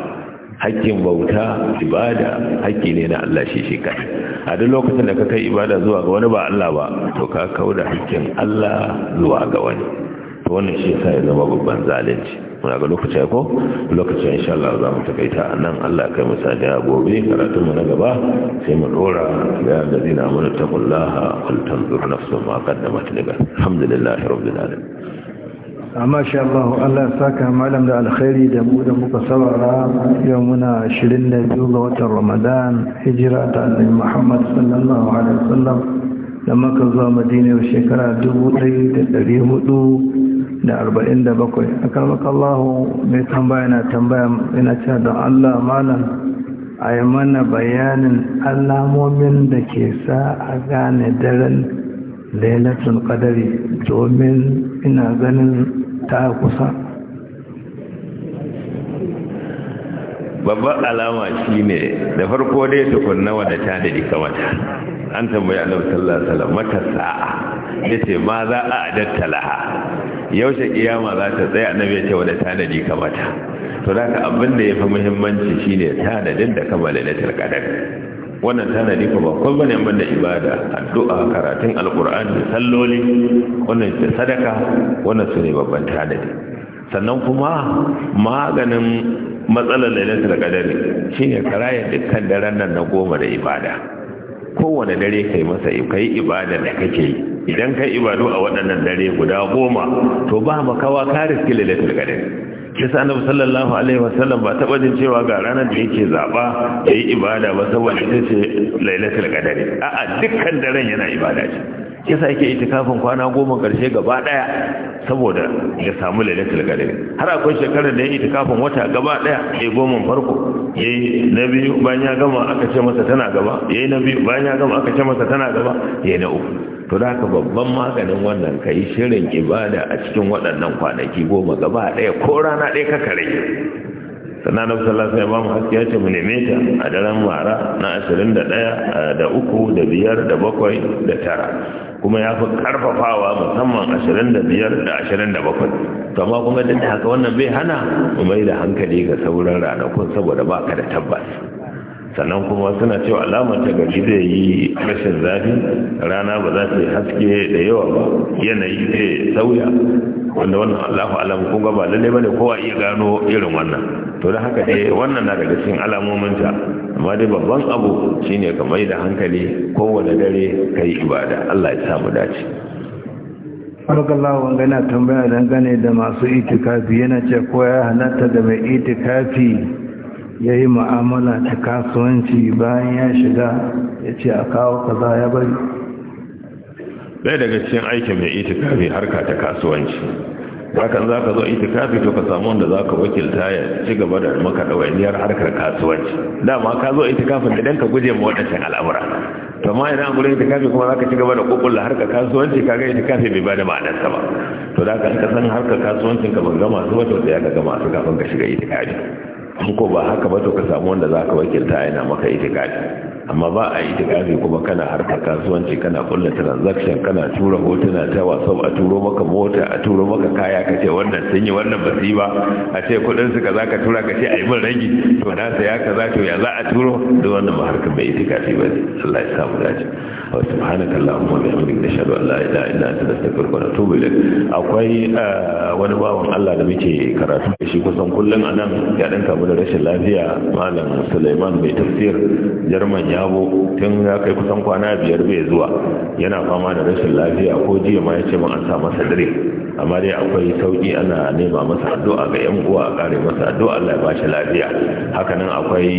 hakkin bauta ibada hakki ne na Allah shi shi kai a duk lokacin da ka kai ibada zuwa ga wani ba Allah ba to ka kauda hakkin Allah zuwa ga wani to wannan shi yasa ya zama babban zalunci muna ga lokaci ko lokaci insha Allah za mu takaita nan Allah kai mu sada gobe karatu mu na gaba sai mu dora ya ladina mun taqullaha wal tanzur ma qaddamat liga alhamdulillahi rabbil alamin amma ah, sha Allah Allah saka malam da alkhairi da mu da muka saurara yau muna 22 ga watan Ramadan hijira ta Annabi Muhammad sallallahu alaihi wasallam da maka zuwa Madina yau shekara 1447 akar maka Allah mai tambaya na tambaya ina cewa da Allah malam a mana bayanin alamomin da ke sa a gane daren lailatul qadari domin ina ganin ta kusa babban alama shi ne da farko dai tukunna wadda ta da ika mata an tambaya annabi sallallahu alaihi wasallam mata sa'a yace ma za a adatta laha yaushe kiyama za ta tsaya annabi yace wadda ta da ika mata to za ka abin da yafi muhimmanci shine tanadin da kamala na tarkadar wannan tanadi ko ba kai bane ban da ibada addu'a karatun alqur'ani salloli wannan da sadaka wannan sune babban tanadi sannan kuma maganin matsalar lailatul qadari shine karaya dukkan daren nan na goma da ibada kowane dare kai masa kai ibada da kake yi idan kai ibado a waɗannan dare guda goma to ba makawa ka riski lailatul ƙadari. kisa annabi sallallahu alaihi wasallam ba taba jin cewa ga ranar da yake zaba yayi ibada ba saboda ita ce lailatul qadar a'a dukkan daren yana ibada ce kisa yake itikafin kwana goma karshe gaba daya saboda ya samu lailatul qadar har akwai shekarar da ya itikafin wata gaba daya yayi goma farko yayi na biyu bayan ya gama aka ce masa tana gaba yayi na biyu bayan ya gama aka ce masa tana gaba yayi na uku to da ka babban maganin wannan ka yi shirin ibada a cikin waɗannan kwanaki goma gaba ɗaya ko rana ɗaya ka kare sannan da sai ba mu haske ce mu neme ta a daren mara na ashirin da ɗaya, da uku, da biyar, da bakwai, da tara. kuma ya fi karfafawa musamman ashirin da biyar da ashirin da to amma kuma duk da haka wannan bai hana mu mai da hankali ga sauran ranakun saboda baka da tabbas sannan kuma suna cewa alamar ta gari zai yi rashin zafi rana ba za ta yi haske da yawa ba yanayi zai sauya wanda wannan allahu alam kun gaba ba lalle bane kowa iya gano irin wannan to da haka dai wannan na daga cikin alamomin ta amma dai babban abu shine ka mai da hankali kowane dare kai ibada Allah ya samu dace farkallawa gana tambaya dangane da masu itikafi yana ce ko ya halatta da mai itikafi ya yi ma'amala ta kasuwanci bayan ya shiga ya ce a kawo kaza ya bari ɗaya daga cikin aikin mai itikafi harka ta kasuwanci kan za ka zo itikafi to ka samu wanda za ka wakilta ya ci gaba da maka ɗawainiyar harkar kasuwanci dama ka zo itikafin da dan ka guje ma waɗancan al'amura to amma idan an gurin itikafi kuma za ka ci gaba da ƙuƙulla harkar kasuwanci ka ga itikafi bai bada ma'anar sama, to da ka san harkar kasuwancin ka ban gama su wata wata ya ga gama su kafin ka shiga itikafi in ko ba haka ba to ka samu wanda za ka wakilta yana maka itikadi amma ba a itikafi kuma kana harkar kasuwanci kana kulla transaction kana tura hotuna ta whatsapp a turo maka mota a turo maka kaya ka ce wannan sun yi wannan basi ba a ce kudin suka za ka tura ka ce a yi min rangi to na saya kaza to ya za a turo da wannan ba harkar mai itikafi ba ne Allah ya samu dace wa subhanaka allahumma bihamdika nashhadu an la ilaha illa anta nastaghfiruka wa natubu ilaik akwai ah, wani bawan Allah da muke karatu da shi kusan kullun anan ya danka mu da rashin lafiya malam Sulaiman mai tafsir Jarman yabo tun ya kai kusan kwana biyar bai zuwa yana fama da rashin lafiya ko jiya ma ya ce mu an sa masa dare amma dai akwai sauki ana nema masa addu'a ga yan uwa a kare masa addu'a Allah ya ba shi lafiya hakanan akwai